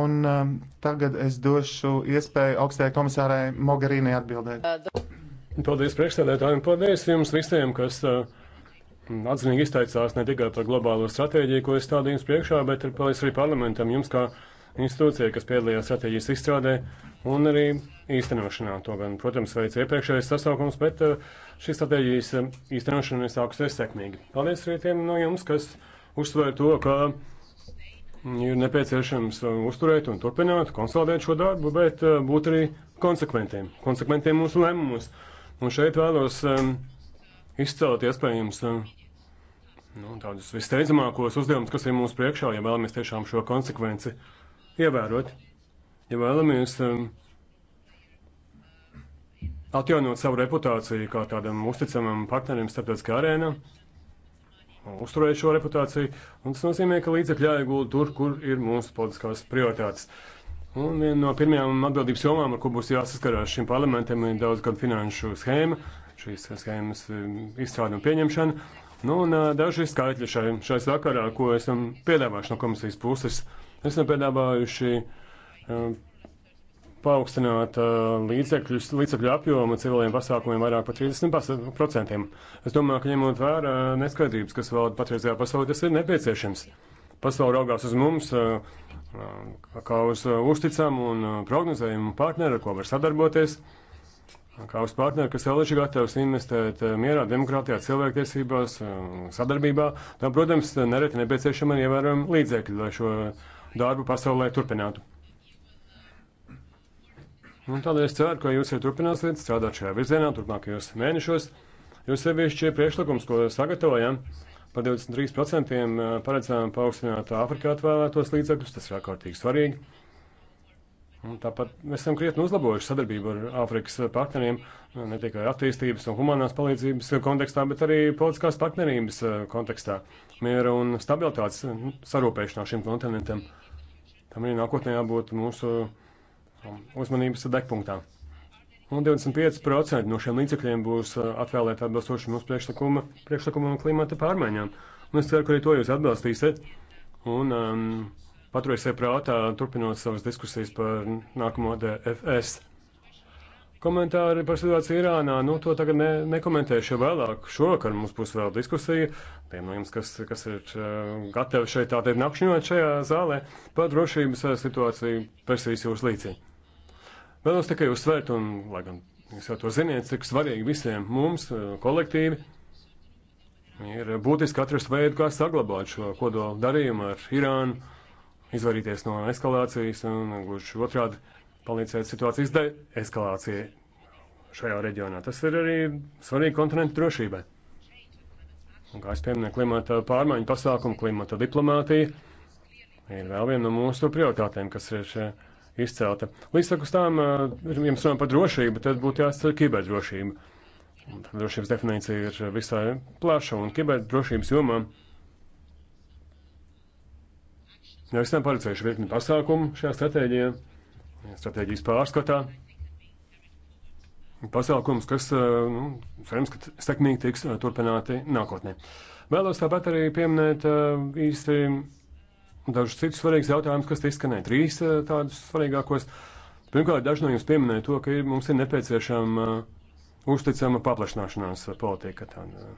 un um, tagad es došu iespēju augstajai komisārai Mogarīnai atbildēt. Paldies priekšstādētājiem, paldies jums visiem, kas. Uh, atzinīgi izteicās ne tikai par globālo stratēģiju, ko es stādu jums priekšā, bet ar paldies arī parlamentam, jums kā institūcijai, kas piedalījās stratēģijas izstrādē un arī īstenošanā. To gan, protams, veica iepriekšējais sasaukums, bet eh, šī stratēģijas eh, īstenošana ir sākusies sekmīgi. Paldies arī tiem no jums, kas uzsver to, ka ir nepieciešams eh, uzturēt un turpināt, konsolidēt šo darbu, bet būt arī konsekventiem, konsekventiem mūsu lēmumus. Un šeit vēlos um, izcelt iespējams eh, nu, tādus visteidzamākos uzdevumus, kas ir mūsu priekšā, ja vēlamies tiešām šo konsekvenci ievērot. Ja vēlamies eh, atjaunot savu reputāciju kā tādam uzticamam partnerim starptautiskajā arēnā, uzturēt šo reputāciju, un tas nozīmē, ka līdzekļi jāiegulda tur, kur ir mūsu politiskās prioritātes. Un viena no pirmajām atbildības jomām, ar ko būs jāsaskarās šim parlamentam, ir daudz gadu finanšu schēma, šīs schēmas um, izstrādu un pieņemšanu. Nu, un uh, daži skaitļi šai, šai sakarā, ko esam piedāvājuši no komisijas puses, esam piedāvājuši um, paaugstināt uh, līdzekļus, līdzekļu apjomu civiliem pasākumiem vairāk par 30%. Es domāju, ka ņemot vērā neskaidrības, kas valda patreizajā pasaulē, tas ir nepieciešams pasaule raugās uz mums uh, kā uz uzticamu un prognozējumu partneri, ar ko var sadarboties kā uz partneri, kas vēl ir gatavs investēt eh, mierā, demokrātijā, cilvēktiesībās, eh, sadarbībā, tam, protams, nereti nepieciešama ir ievērojama līdzekļi, lai šo darbu pasaulē turpinātu. Un tādēļ es ceru, ka jūs arī turpināsiet strādāt šajā virzienā turpmākajos mēnešos. Jūs sevišķi priekšlikums, ko sagatavojam, par 23% eh, paredzējām paaugstināt Āfrikā atvēlētos līdzekļus, tas ir ārkārtīgi svarīgi. Un tāpat mēs esam krietni uzlabojuši sadarbību ar Āfrikas partneriem, ne tikai attīstības un humanās palīdzības kontekstā, bet arī politiskās partnerības eh, kontekstā, miera un stabilitātes eh, nu, sarūpēšanā šim kontinentam. Tam arī nākotnē jābūt mūsu um, uzmanības degpunktā. Un 25% no šiem līdzekļiem būs eh, atvēlēti atbilstoši mūsu priekšlikuma, priekšlikuma un klimata pārmaiņām. Un es ceru, ka arī to jūs atbalstīsiet. Un, um, Paturiet sev prātā, turpinot savas diskusijas par nākamo DFS. Komentāri par situāciju Irānā, nu to tagad ne, nekomentēšu vēlāk. Šovakar mums būs vēl diskusija. Tiem no jums, kas, kas ir uh, gatavi šeit tā teikt nakšņot šajā zālē, par drošības eh, situāciju Persijas jūras līcī. Vēlos tikai uzsvērt, un lai gan jūs jau to ziniet, cik svarīgi visiem mums eh, kolektīvi ir būtiski atrast veidu, kā saglabāt šo kodolu darījumu ar Irānu izvairīties no eskalācijas un gluži otrādi palīdzēt situācijas deeskalācijai šajā reģionā. Tas ir arī svarīgi kontinentu drošībai. Un, kā es pieminēju, klimata pārmaiņu pasākumu, klimata diplomātija ir vēl viena no mūsu prioritātēm, kas ir eh, izcelta. Līdzsakus tām, eh, jums runājam par drošību, tad būtu jāizcer kiberdrošība. Drošības definīcija ir visai plaša un kiberdrošības jomām. Mēs esam paredzējuši virkni pasākumu šajā stratēģijā, stratēģijas pārskatā. Pasākums, kas, eh, nu, cerams, ka sekmīgi tiks eh, turpināti nākotnē. Vēlos tāpat arī pieminēt eh, īsti dažus citus svarīgus jautājumus, kas izskanēja. Trīs tādus svarīgākos. Pirmkārt, daži no jums pieminēja to, ka mums ir nepieciešama uzticama paplašināšanās politika, tāda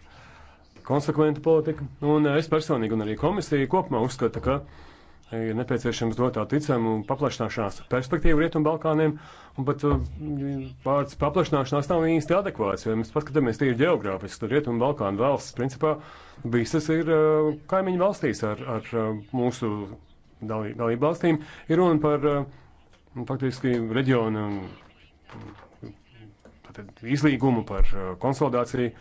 konsekventa politika. Un es personīgi un arī komisija kopumā uzskata, ka ir nepieciešams dot tā ticamu paplašināšanās perspektīvu Rietumbalkāniem, un pat uh, vārds paplašināšanās nav īsti adekvāts, jo mēs paskatāmies tīri geogrāfiski, tad Rietumbalkānu valsts principā visas ir uh, kaimiņu valstīs ar, ar uh, mūsu dalī, dalību valstīm. Ir runa par faktiski reģionu izlīgumu, par konsolidāciju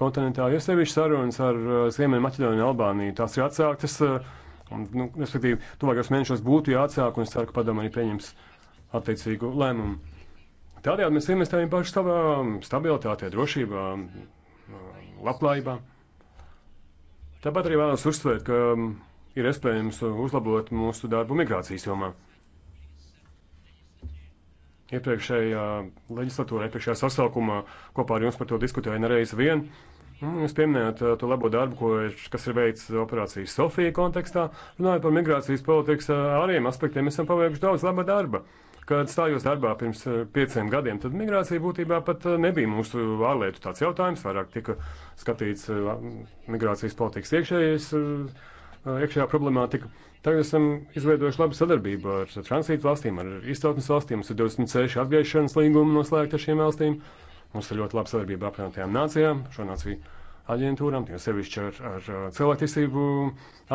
kontinentā, jo sevišķi sarunas ar Ziemeņu Maķedoniju un Albāniju. Tās ir atsāktas. Uh, Un, nu, respektīvi, tuvākajos mēnešos būtu jāatsāk, un es ceru, ka padomē arī pieņems attiecīgu lēmumu. Tādējādi mēs investējam pašu savā stabilitātē, drošībā, labklājībā. Tāpat arī vēlos uzsvērt, ka um, ir iespējams uzlabot mūsu darbu migrācijas jomā. Iepriekšējā leģislatūra, iepriekšējā sasaukumā kopā ar jums par to diskutēju nereiz vien. Uh, Nu, jūs pieminējāt uh, to labo darbu, ko, ir, kas ir veikts operācijas Sofija kontekstā. Runājot par migrācijas politikas uh, ārējiem aspektiem, esam paveikuši daudz laba darba. Kad stājos darbā pirms uh, pieciem gadiem, tad migrācija būtībā pat nebija mūsu ārlietu tāds jautājums. Vairāk tika skatīts migrācijas politikas iekšējais, iekšējā problemātika. Tagad esam izveidojuši labu sadarbību ar transītu valstīm, ar izceltnes valstīm. Mums ir 26 atgriešanas līgumi noslēgti ar šīm valstīm. Uh, Mums ir ļoti laba sadarbība apvienotajām nācijām, šo nāciju aģentūram, jo sevišķi ar, ar cilvēktiesību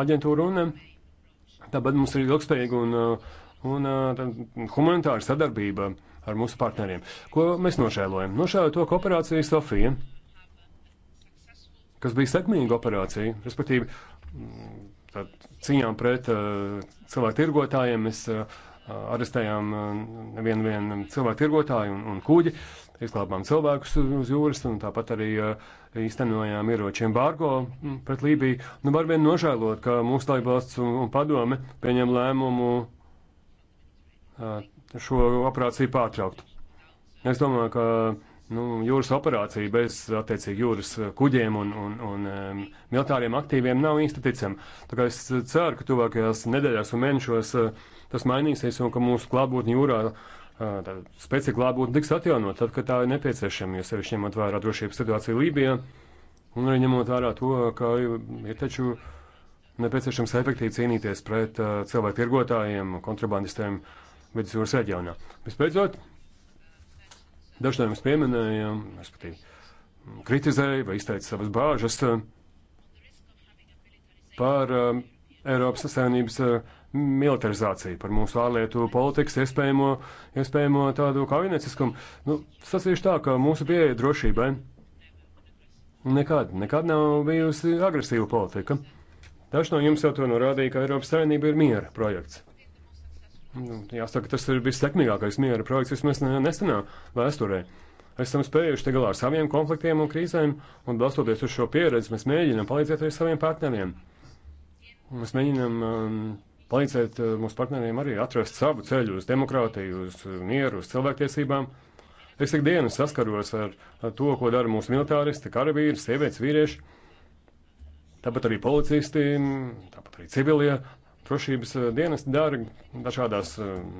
aģentūru un eh, tāpat mums ir ilgspējīga un, eh, un, un eh, humanitāra sadarbība ar mūsu partneriem. Ko mēs nožēlojam? Nožēlojam to, ka operācija Sofija, kas bija sekmīga operācija, respektīvi mm, cīņām pret uh, cilvēku tirgotājiem, mēs uh, arestējām uh, nevienu cilvēku tirgotāju un, un kuģi izglābām cilvēkus uz jūras, un tāpat arī eh, īstenojām ieroču embargo mm, pret Lībiju. Nu, var vien nožēlot, ka mūsu dalībvalsts un, un padome pieņem lēmumu eh, šo operāciju pārtraukt. Es domāju, ka nu, jūras operācija bez attiecīgi jūras kuģiem un, un, un um, militāriem aktīviem nav īsti ticama. Tā kā es ceru, ka tuvākajās nedēļās un mēnešos uh, tas mainīsies un ka mūsu klātbūtni jūrā uh, spēcīga klātbūtne tiks atjaunot, tad, kad tā ir nepieciešama, jo sevišķi ņemot vērā drošības situāciju Lībijā, un arī ņemot vērā to, ka ir taču nepieciešams efektīvi cīnīties pret uh, cilvēku tirgotājiem, kontrabandistiem vidusjūras reģionā. Vispēcot, daži no jums pieminēja, respektīvi, kritizēja vai izteica savas bāžas par uh, Eiropas Savienības uh, militarizāciju, par mūsu ārlietu politikas iespējamo, iespējamo tādu kaujinieciskumu. Nu, sasīšu tā, ka mūsu pieeja drošībai nekad, nekad nav bijusi agresīva politika. Daži no jums jau to norādīja, ka Eiropas Savienība ir miera projekts. Nu, jāsaka, tas ir vissekmīgākais miera projekts vismaz nesenā vēsturē. Esam spējuši te galā ar saviem konfliktiem un krīzēm, un balstoties uz šo pieredzi, mēs mēģinām palīdzēt arī saviem partneriem. Mēs mēģinām um, palīdzēt eh, mūsu partneriem arī atrast savu ceļu uz demokrātiju, uz eh, mieru, uz cilvēktiesībām. Es ikdienas saskaros ar to, ko dara mūsu militāristi, karavīri, sievietes, vīrieši, tāpat arī policisti, tāpat arī civilie drošības eh, dienas dara dažādās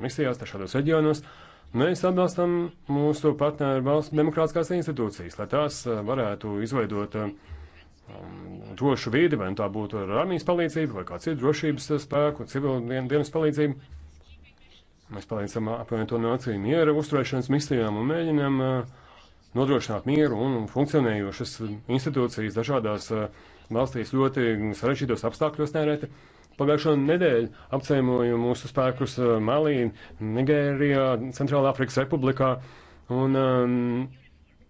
misijās, dažādos reģionos. Mēs atbalstam mūsu partneru valsts demokrātiskās institūcijas, lai tās varētu izveidot uh, um, drošu vidi, vai nu tā būtu ar armijas palīdzību, vai kāds ir drošības spēku, civilu dien dienas palīdzību. Mēs palīdzam apvienoto nāciju miera uzturēšanas misijām un mēģinām uh, nodrošināt mieru un funkcionējošas institūcijas dažādās uh, valstīs ļoti sarežģītos apstākļos nereti. Pagājušo nedēļu apceimoju mūsu spēkus uh, Malī, Nigērijā, Centrālā Afrikas Republikā. Un, um,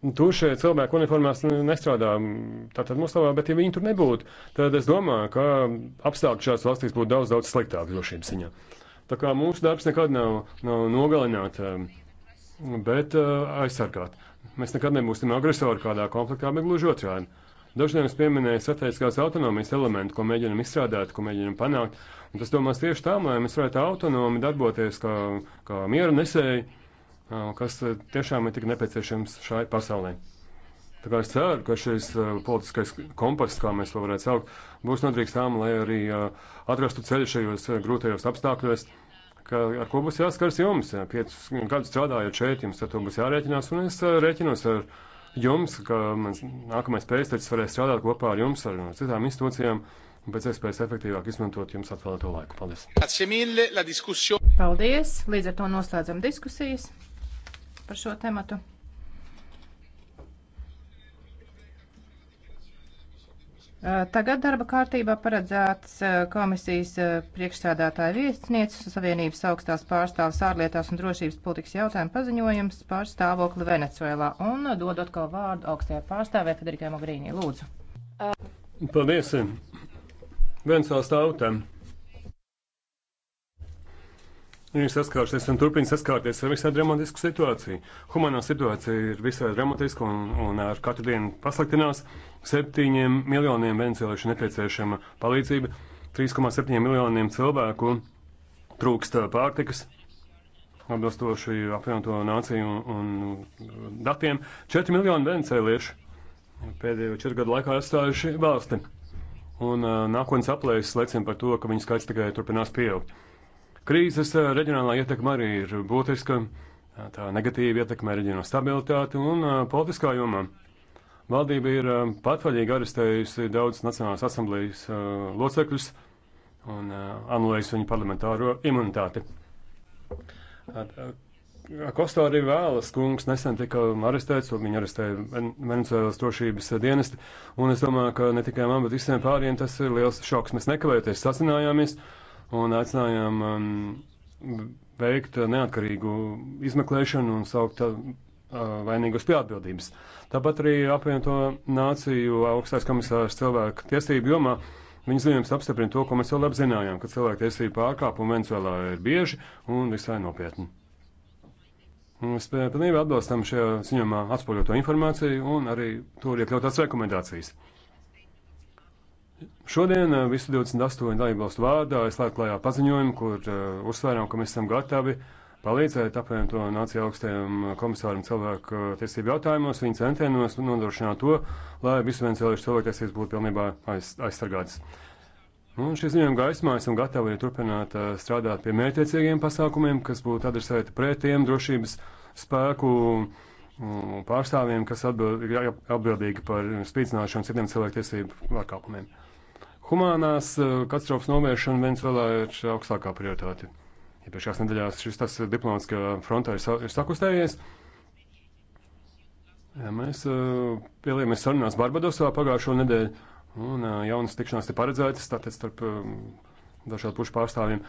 Tur šie cilvēki uniformās nestrādā. Tātad mums labāk, bet ja viņi tur nebūtu, tad es domāju, ka apstākļi šās valstīs būtu daudz, daudz sliktāki drošības ziņā. Tā kā mūsu darbs nekad nav, nav nogalināt, eh, bet eh, aizsargāt. Mēs nekad nebūsim agresori kādā konfliktā, bet gluži otrādi. Dažiem es pieminēju strateģiskās autonomijas elementu, ko mēģinam izstrādāt, ko mēģinam panākt. Un tas domās tieši tām, lai mēs varētu autonomi darboties kā, kā miera nesēji kas eh, tiešām ir tik nepieciešams šai pasaulē. Tā kā es ceru, ka šis eh, politiskais kompass, kā mēs to varētu saukt, būs nodrīkstām, lai arī eh, atrastu ceļu šajos grūtajos apstākļos, ka, ar ko būs jāskars jums. Piecus gadus strādājot šeit, jums ar to būs jārēķinās, un es rēķinos ar jums, ka mans nākamais pēctecis varēs strādāt kopā ar jums, ar no citām institūcijām, un pēc iespējas efektīvāk izmantot jums atvēlēto laiku. Paldies! Paldies! Līdz ar to noslēdzam diskusijas par šo tematu. Tagad darba kārtībā paredzēts komisijas priekšsēdētāja viesnieces Savienības augstās pārstāvs ārlietās un drošības politikas jautājumu paziņojums par stāvokli Venecuēlā un dod atkal vārdu augstajai pārstāvē Federikai Mogrīnī. Lūdzu. Paldies. Venecuēlas tautam. Viņi saskāršies un turpina saskārties ar visai dramatisku situāciju. Humanā situācija ir visai dramatiska un, un ar katru dienu pasliktinās. Septiņiem miljoniem venecijāliešu nepieciešama palīdzība, 3,7 miljoniem cilvēku trūkst pārtikas, atbilstoši apvienoto nāciju un, un datiem. 4 miljoni venecijāliešu pēdējo četru gadu laikā atstājuši valsti. Un uh, nākotnes aplēses liecina par to, ka viņu skaits tikai turpinās pieaugt. Krīzes eh, reģionālā ietekme arī ir būtiska. Tā negatīva ietekme reģionāla stabilitāte un eh, politiskā jomā. Valdība ir eh, patvaļīgi arestējusi daudz Nacionālās asamblējas locekļus un anulējusi viņu parlamentāro imunitāti. Kostā arī vēlas kungs nesen tika arestēts, un viņu arestēja Venecēlas drošības dienesti, un es domāju, ka ne tikai man, bet visiem pāriem tas ir liels šoks. Mēs nekavējoties sasinājāmies. Uh, un aicinājām um, veikt neatkarīgu izmeklēšanu un saukt uh, vainīgus pie atbildības. Tāpat arī apvienoto nāciju augstais komisārs cilvēku tiesību jomā viņas ziņojums apstiprina to, ko mēs jau labi zinājām, ka cilvēku tiesību pārkāpumi Venezuelā ir bieži un visai nopietni. Mēs pilnībā atbalstam šajā ziņojumā atspoļoto informāciju un arī tur iekļautās rekomendācijas. Šodien eh, visu 28 dalībvalstu vārdā es lēku klājā paziņojumu, kur uh, uzsvērām, ka mēs esam gatavi palīdzēt apvienoto nāciju augstajam komisāram cilvēku eh, tiesību jautājumos, viņa centienos nodrošināt to, lai visu venecijāliešu cilvēktiesības būtu pilnībā aiz, aizsargātas. Nu, un šī ziņojuma gaismā esam gatavi arī turpināt uh, strādāt pie mērķiecīgiem pasākumiem, kas būtu adresēti pret tiem drošības spēku mm, pārstāvjiem, kas atbild, atbildīgi par spīdzināšanu citiem cilvēktiesību pārkāpumiem. Humānās eh, katastrofas novēršana Venecijā ir augstākā prioritāte. Iepriekšējās ja nedēļās šis tas eh, diplomātiskajā frontē ir, sa ir sakustējies. Ja eh, mēs uh, pieliemies sarunās Barbadosā pagājušo nedēļu, un uh, jaunas tikšanās ir paredzētas, tātad starp um, dažādu pušu pārstāvjiem.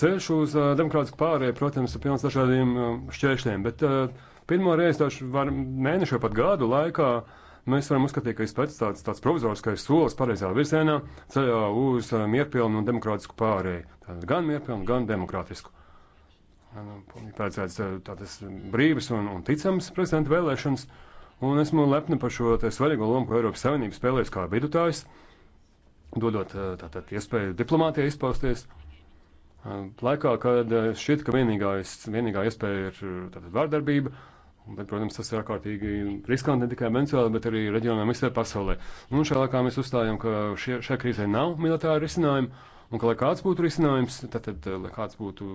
Ceļš uz uh, demokrātisku pārēju, protams, ir pilns dažādiem uh, šķēršļiem, bet uh, pirmo reizi dažu var mēnešu vai pat gadu laikā uh, mēs varam uzskatīt, ka šis pēc tāds, tāds provizoriskais solis pareizā virzienā ceļā uz uh, mierpilnu un demokrātisku pārēju. Tātad gan mierpilnu, gan demokrātisku. Uh, Pēcēc uh, tādas brīvas un, un ticamas prezidenta vēlēšanas, un esmu lepni par šo svarīgo lomu, ko Eiropas Savienība spēlēs kā vidutājs, dodot tātad iespēju diplomātijai izpausties. Laikā, kad šķiet, ka vienīgā, vienīgā iespēja ir tātad vārdarbība, Bet, protams, tas ir ārkārtīgi riskanti ne tikai Venecijā, bet arī reģionam visā pasaulē. Un nu, šajā laikā mēs uzstājam, ka šie, šajā krīzē nav militāra risinājuma, un ka, lai kāds būtu risinājums, tad, tad lai kāds būtu,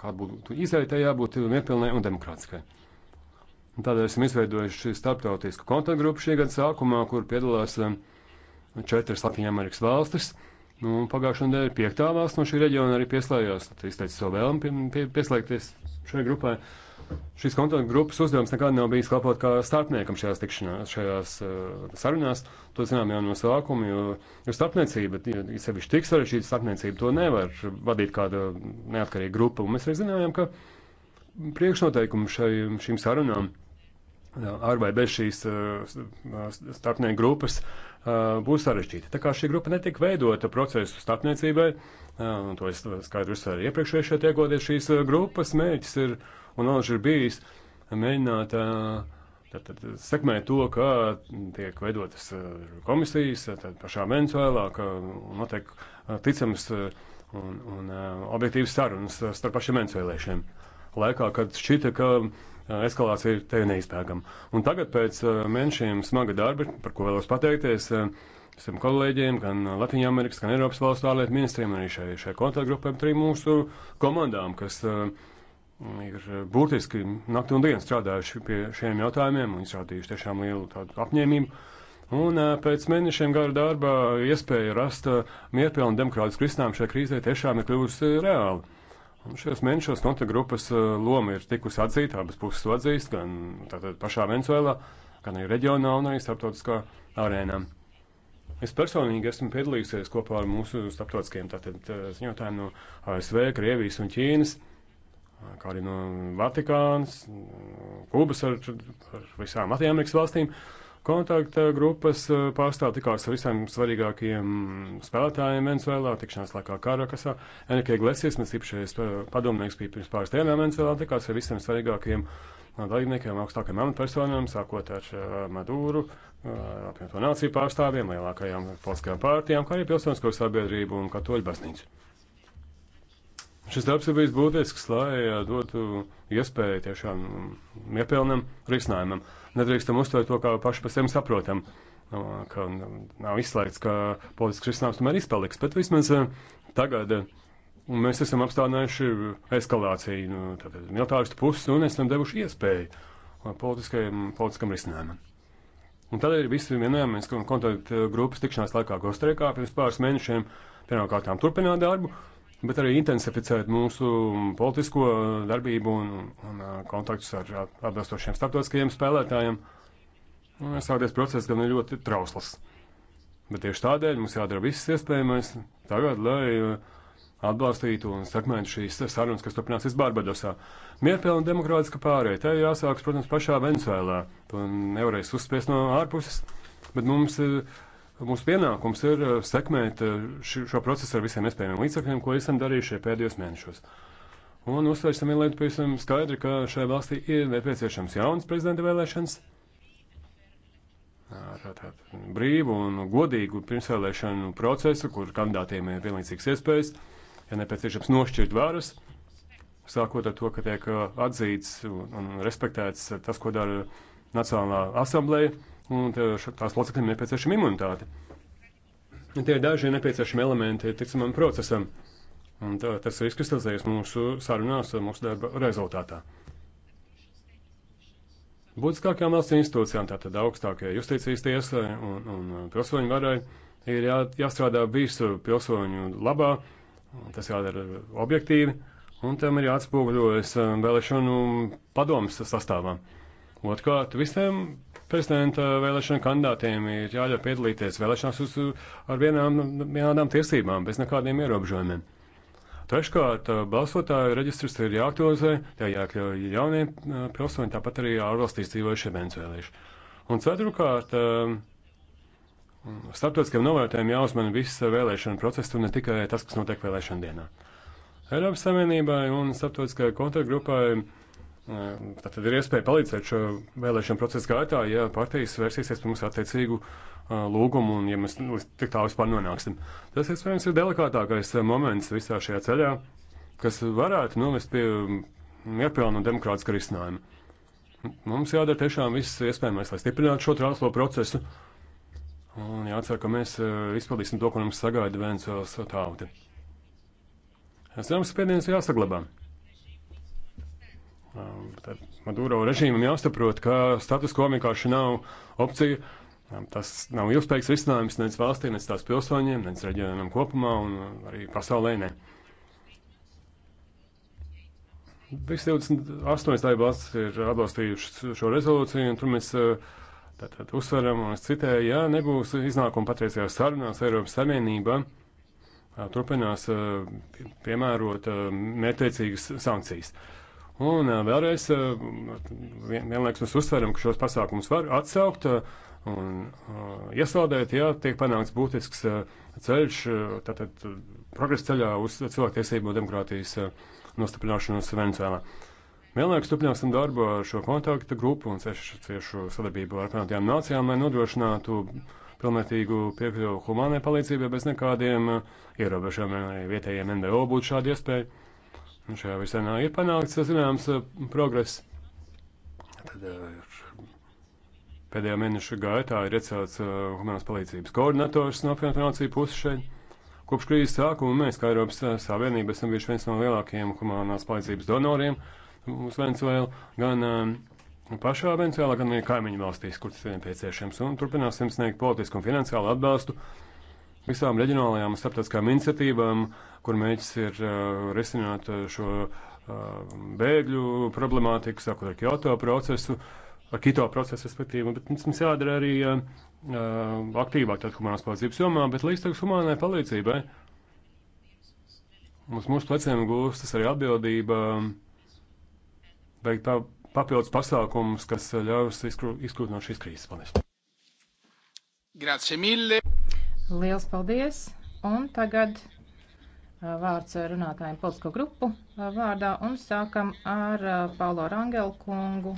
kāda būtu izēja, tai jābūt mierpilnai un demokrātiskai. Un tādēļ esam izveidojuši starptautisku kontaktgrupu šī gada sākumā, kur piedalās um, četras Latvijas-Amerikas valstis. Nu, Pagājušā nedēļa piektā valsts no šī reģiona arī pieslēdzās, tad izteica savu vēlmu pie, pie, pieslēgties šai grupai. Uh, šīs kontaktu grupas uzdevums nekad nav bijis kalpot kā starpniekam šajās tikšanās, šajās uh, sarunās. To zinām jau no sākuma, jo, jo starpniecība, ja sevišķi tik sarežģīta starpniecība, to nevar vadīt kāda neatkarīga grupa. Un mēs arī zinājām, ka priekšnoteikumi šai, šīm sarunām eh, ar vai bez šīs uh, starpnieku grupas uh, būs sarežģīti. Tā kā šī grupa netika veidota procesu starpniecībai, uh, un to es skaidru uzsveru iepriekšējušajā iegoties, šīs grupas mērķis ir un alaži ir bijis mēģināt tātad, sekmēt to, kā tiek veidotas komisijas tātad, pašā Venecuēlā, ka notiek ticamas un, un objektīvas sarunas starp pašiem venecuēliešiem. Laikā, kad šķita, ka eskalācija ir te neizbēgama. Un tagad pēc mēnešiem smaga darba, par ko vēlos pateikties, visiem kolēģiem, gan Latvijas Amerikas, gan Eiropas valstu ārlietu ministriem, arī šai, šai kontaktgrupai, trim mūsu komandām, kas uh, ir būtiski nakti un dienu strādājuši pie šiem jautājumiem un izrādījuši tiešām lielu tādu apņēmību. Un pēc mēnešiem gara darba iespēja rast mierpilnu demokrātisku risinājumu šajā krīzē tiešām ir kļuvusi reāli. Un šajos mēnešos konta grupas loma ir tikusi atzīta, abas puses to atzīst, gan tātad pašā Venecuēlā, gan arī reģionālā un arī starptautiskā arēnā. Es personīgi esmu piedalījusies kopā ar mūsu starptautiskiem tātad ziņotājiem no ASV, Krievijas un Ķīnas. Uh, kā arī no Vatikānas, Kubas ar, ar visām Latvijas valstīm. Kontakta grupas eh, pārstāv tikās ar visiem svarīgākajiem spēlētājiem Venezuelā, tikšanās laikā Karakasā. Enrique Iglesias, mēs īpašais eh, padomnieks bija pirms pāris dienām Venezuelā, tikās ar visiem svarīgākajiem eh, dalībniekiem, augstākajiem amatpersonām, sākot ar Madūru, apvienoto nāciju pārstāvjiem, lielākajām politiskajām pārtijām, kā arī pilsonisko sabiedrību un katoļu baznīcu. Šis darbs ir bijis būtisks, lai dotu iespēju tiešām iepelnam risinājumam. Nedrīkstam uztvert to kā pašu par sevi saprotam, nu, ka nav izslēgts, ka politisks risinājums tomēr izpaliks, bet vismaz tagad mēs esam apstādinājuši eskalāciju nu, militāristu puses un esam devuši iespēju politiskam risinājumam. Un tad ir visi vienojāmies, ka kontaktu grupas tikšanās laikā Gostreikā pirms pāris mēnešiem pirmkārtām turpināt darbu bet arī intensificēt mūsu politisko darbību un, un uh, kontaktus ar atbilstošiem starptautiskajiem spēlētājiem. Un sākties process gan ir ļoti trausls. Bet tieši tādēļ mums jādara viss iespējamais tagad, lai uh, atbalstītu un sekmētu šīs sarunas, kas turpināsies Barbadosā. Mierpilna un demokrātiska pārēja. Tā jāsākas, protams, pašā Venecijā. To nevarēs uzspiest no ārpuses, bet mums ir uh, Mūsu pienākums ir uh, sekmēt uh, šo procesu ar visiem iespējamiem līdzekļiem, ko esam darījuši pēdējos mēnešos. Un uzsvērsim vienu lietu pavisam skaidri, ka šai valstī ir nepieciešams jauns prezidenta vēlēšanas ar tādu brīvu un godīgu pirmsvēlēšanu procesu, kur kandidātiem ir vienlīdzīgas iespējas, ja nepieciešams nošķirt varas, sākot ar to, ka tiek uh, atzīts un respektēts tas, ko dara Nacionālā asambleja, un tās locekļiem nepieciešama imunitāte. Un tie ir daži nepieciešami elementi ticamam procesam, un tā, tas ir izkristalizējies mūsu sarunās, mūsu darba rezultātā. Būtiskākajām valsts institūcijām, tātad augstākajai justīcijas tiesai un, un pilsoņu varai, ir jā, jāstrādā visu pilsoņu labā, tas jādara objektīvi, un tam ir jāatspūgļojas um, vēlēšanu padomas sastāvām. Otkārt, visiem prezidenta vēlēšana kandidātiem ir jāļauj piedalīties vēlēšanās uz, ar vienām, vienādām tiesībām, bez nekādiem ierobežojumiem. Treškārt, balsotāju reģistrs ir jāaktualizē, tā jāiekļauj jaunie pilsoņi, tāpat arī ārvalstīs dzīvojušie venecuēlieši. Un ceturkārt, starptautiskiem novērtējumiem jāuzmana viss vēlēšana process, un ne tikai tas, kas notiek vēlēšana dienā. Eiropas Savienībai un starptautiskajai kontaktgrupai Tā tad ir iespēja palīdzēt šo vēlēšanu procesu gaitā, ja partijas vērsīsies pie mums attiecīgu uh, lūgumu un ja mēs tik tālu vispār nonāksim. Tas, iespējams, ir delikātākais uh, moments visā šajā ceļā, kas varētu novest pie um, iepilnu demokrātiska risinājuma. Mums jādara tiešām viss iespējamais, lai stiprinātu šo trāslo procesu. Un jācer, ka mēs uh, izpildīsim to, ko mums sagaida Vēncēlas tauta. Zemes spiediens jāsaglabā. Um, tad Maduro režīmam jāsaprot, ka status quo vienkārši nav opcija. Um, tas nav ilgspējīgs risinājums nec valstī, nec tās pilsoņiem, nec reģionam kopumā un arī pasaulē. Ne. Visi 28 dalībvalstis ir atbalstījuši šo rezolūciju, un tur mēs uh, tātad uzsveram, un es citēju, ja nebūs iznākuma patreizajās sarunās Eiropas Savienībā, uh, turpinās uh, piemērot mērķtiecīgas sankcijas. Uh, Un vēlreiz vien, vienlaikus mēs uzsveram, ka šos pasākumus var atsaukt un iesaldēt, ja tiek panākts būtisks ceļš, tātad progresa ceļā uz cilvēktiesību un demokrātijas nostiprināšanos Venecijā. Vienlaikus turpināsim darbu ar šo kontaktu grupu un ciešu, ciešu sadarbību ar apvienotajām nācijām, lai nodrošinātu pilnvērtīgu piekļuvu humānai palīdzībai bez nekādiem ierobežojumiem. Arī vietējiem NVO būtu šāda iespēja. Un nu, šajā virzienā ir panākts zināms eh, progress. Tad ir eh, pēdējā mēneša gaitā ir iecelts eh, humanās palīdzības koordinators no apvienotā nācija puses šeit. Kopš krīzes sākuma mēs, kā Eiropas Savienība, esam bijuši viens no lielākajiem humanās palīdzības donoriem uz Venecuēlu, gan pašā Venecuēlā, gan arī kaimiņu valstīs, kur tas ir nepieciešams. Un turpināsim sniegt politisku un finansiālu atbalstu visām reģionālajām un starptautiskām iniciatīvām, kur mēģis ir uh, risināt uh, šo uh, bēgļu problemātiku, sākot ar Kyoto procesu, ar Kyoto procesu, respektīvi, bet mums jādara arī uh, uh, aktīvāk tad humanās palīdzības jomā, bet līdz tagad humanai palīdzībai. Mums mūsu pleciem gūstas arī atbildība um, veikt papildus pasākumus, kas uh, ļaus izkļūt no šīs krīzes. Paldies! Grazie mille! Liels paldies! Un tagad uh, vārds runātājiem politisko grupu uh, vārdā un sākam ar uh, Paulo Rangelu kungu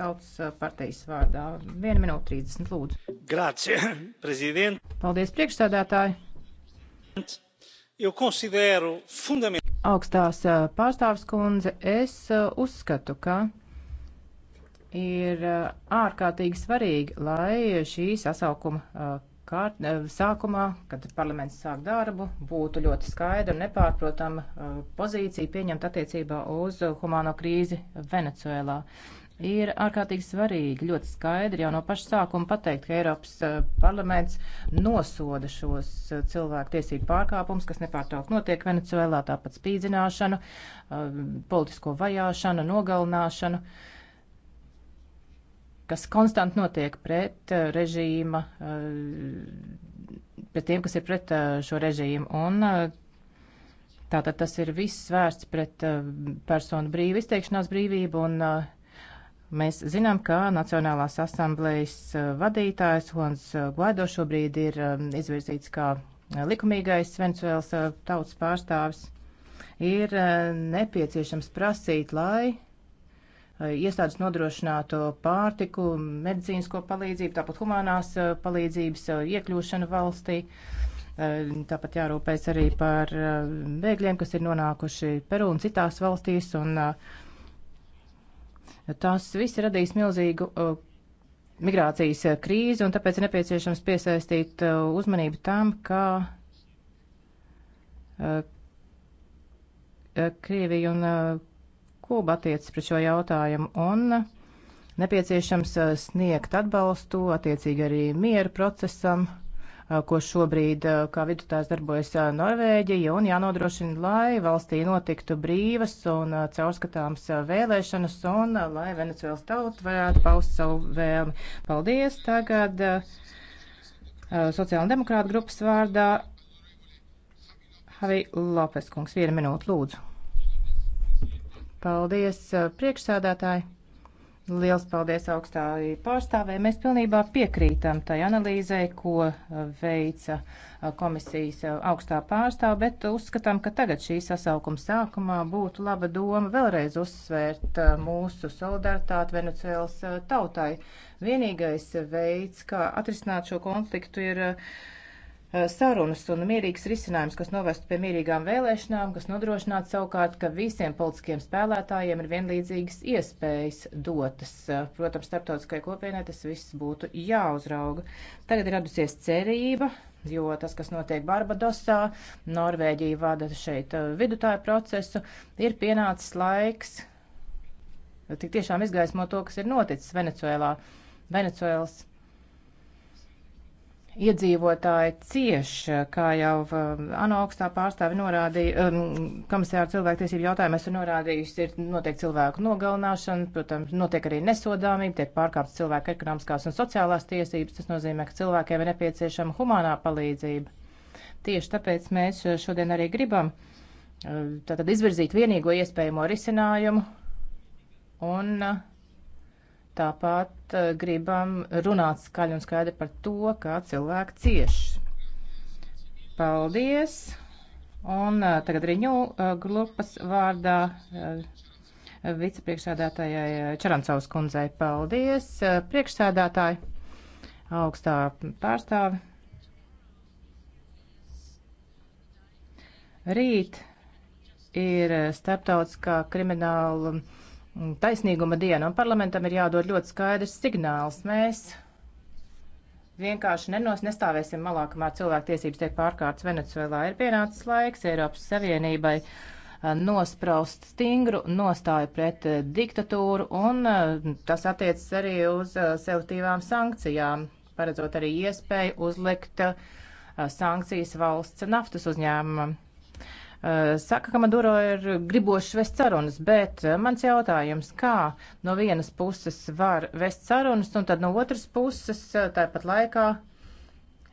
tautas partijas vārdā. 1 minūte 30 lūdzu. Grācie, prezident. Paldies priekšstādātāji. Fundament... Augstās pārstāvs kundze, es uzskatu, ka ir ārkārtīgi svarīgi, lai šī sasaukuma kārt, eh, sākumā, kad parlaments sāk darbu, būtu ļoti skaidra un nepārprotama eh, pozīcija pieņemt attiecībā uz humāno krīzi Venecuēlā. Ir ārkārtīgi svarīgi ļoti skaidri jau no paša sākuma pateikt, ka Eiropas eh, parlaments nosoda šos cilvēku tiesību pārkāpumus, kas nepārtraukt notiek Venecuēlā, tāpat spīdzināšanu, politisko vajāšanu, nogalināšanu. Uh, kas konstant notiek pret eh, režīma, eh, pret tiem, kas ir pret eh, šo režīmu. Un tātad tas ir viss vērsts pret personu brīvu izteikšanās brīvību un mēs zinām, ka Nacionālās asamblējas vadītājs Hons Guaido šobrīd ir izvirzīts kā likumīgais Venecuēlas tautas pārstāvis. Ir nepieciešams prasīt, lai iestādes nodrošinātu pārtiku, medicīnisko palīdzību, tāpat humanās palīdzības iekļūšanu valstī. Tāpat jārūpēs arī par bēgļiem, kas ir nonākuši Peru un citās valstīs. Un, tās viss radīs milzīgu migrācijas krīzi, un tāpēc ir nepieciešams piesaistīt uzmanību tam, kā Krievija un Kuba attiecas pret šo jautājumu un nepieciešams uh, sniegt atbalstu attiecīgi arī miera procesam, uh, ko šobrīd uh, kā vidutājs darbojas Norvēģija, un jānodrošina, lai valstī notiktu brīvas un caurskatāms vēlēšanas, un lai Venecuēlas tauta varētu paust savu vēlmi. Paldies! Tagad sociāla demokrāta grupas vārdā Havi Lopes kungs, viena minūte lūdzu. Paldies, uh, priekšsādātāji! Liels paldies augstāji pārstāvē. Mēs pilnībā piekrītam tai analīzē, ko uh, veica uh, komisijas augstā pārstāve, bet uzskatām, ka tagad šī sasaukuma sākumā būtu laba doma vēlreiz uzsvērt mūsu solidaritāti Venecuēlas tautai. Vienīgais veids, kā atrisināt šo konfliktu, ir Eh, sarunas un mierīgs risinājums, kas novestu pie mierīgām vēlēšanām, kas nodrošinātu savukārt, ka visiem politiskiem spēlētājiem ir vienlīdzīgas iespējas dotas. Eh, protams, starptautiskajai kopienai tas viss būtu jāuzrauga. Tagad ir radusies cerība, jo tas, kas notiek Barbadosā, Norvēģija vada šeit eh, vidutāju procesu, ir pienācis laiks tik tiešām izgaismo to, kas ir noticis Venecuēlā. Venecuēlas iedzīvotāji cieš, kā jau um, ANO augstā pārstāve norādīja, um, komisāra cilvēktiesību jautājumu esmu norādījusi, ir notiek cilvēku nogalināšana, protams, notiek arī nesodāmība, tiek pārkāptas cilvēku ekonomiskās un sociālās tiesības. Tas nozīmē, ka cilvēkiem ir nepieciešama humānā palīdzība. Tieši tāpēc mēs uh, šodien arī gribam uh, tātad izvirzīt vienīgo iespējamo risinājumu un uh, Tāpat eh, gribam runāt skaļi un skaidri par to, kā cilvēki cieš. Paldies! Un eh, tagad riņu eh, grupas vārdā vicepriekšsēdētājai Čerancovas kundzei. Paldies! Priekšsēdētāji, augstā pārstāve. Rīt ir starptautiskā krimināla taisnīguma diena, un parlamentam ir jādod ļoti skaidrs signāls. Mēs vienkārši nenos, nestāvēsim malā, kamēr cilvēktiesības tiek pārkārtas Venecuēlā. Ir pienācis laiks Eiropas Savienībai eh, nospraust stingru nostāju pret eh, diktatūru, un eh, tas attiecas arī uz selektīvām sankcijām, paredzot arī iespēju uzlikt sankcijas valsts naftas uzņēmumam. Eh, saka, ka Maduro ir gribošs vest sarunas, bet eh, mans jautājums, kā no vienas puses var vest sarunas, un tad no otras puses eh, tāpat laikā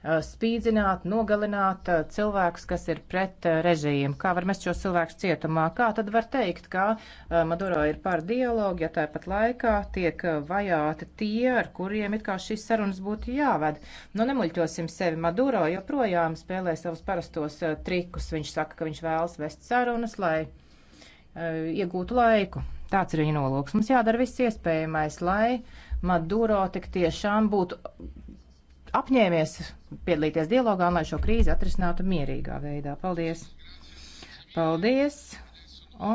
Uh, spīdzināt, nogalināt uh, cilvēkus, kas ir pret uh, režīmu? Kā var mest šos cilvēkus cietumā? Kā tad var teikt, ka Maduro ir par dialogu, ja tāpat laikā tiek vajāti tie, ar kuriem it kā šīs sarunas būtu jāved? Nu, nemuļķosim sevi. Maduro joprojām spēlē savus parastos trikus. Viņš saka, ka viņš vēlas vest sarunas, lai iegūtu laiku. Tāds ir viņa nolūks. Mums jādara viss iespējamais, lai Maduro tik tiešām būtu apņēmies piedalīties dialogā un lai šo krīzi atrisinātu mierīgā veidā. Paldies! Paldies!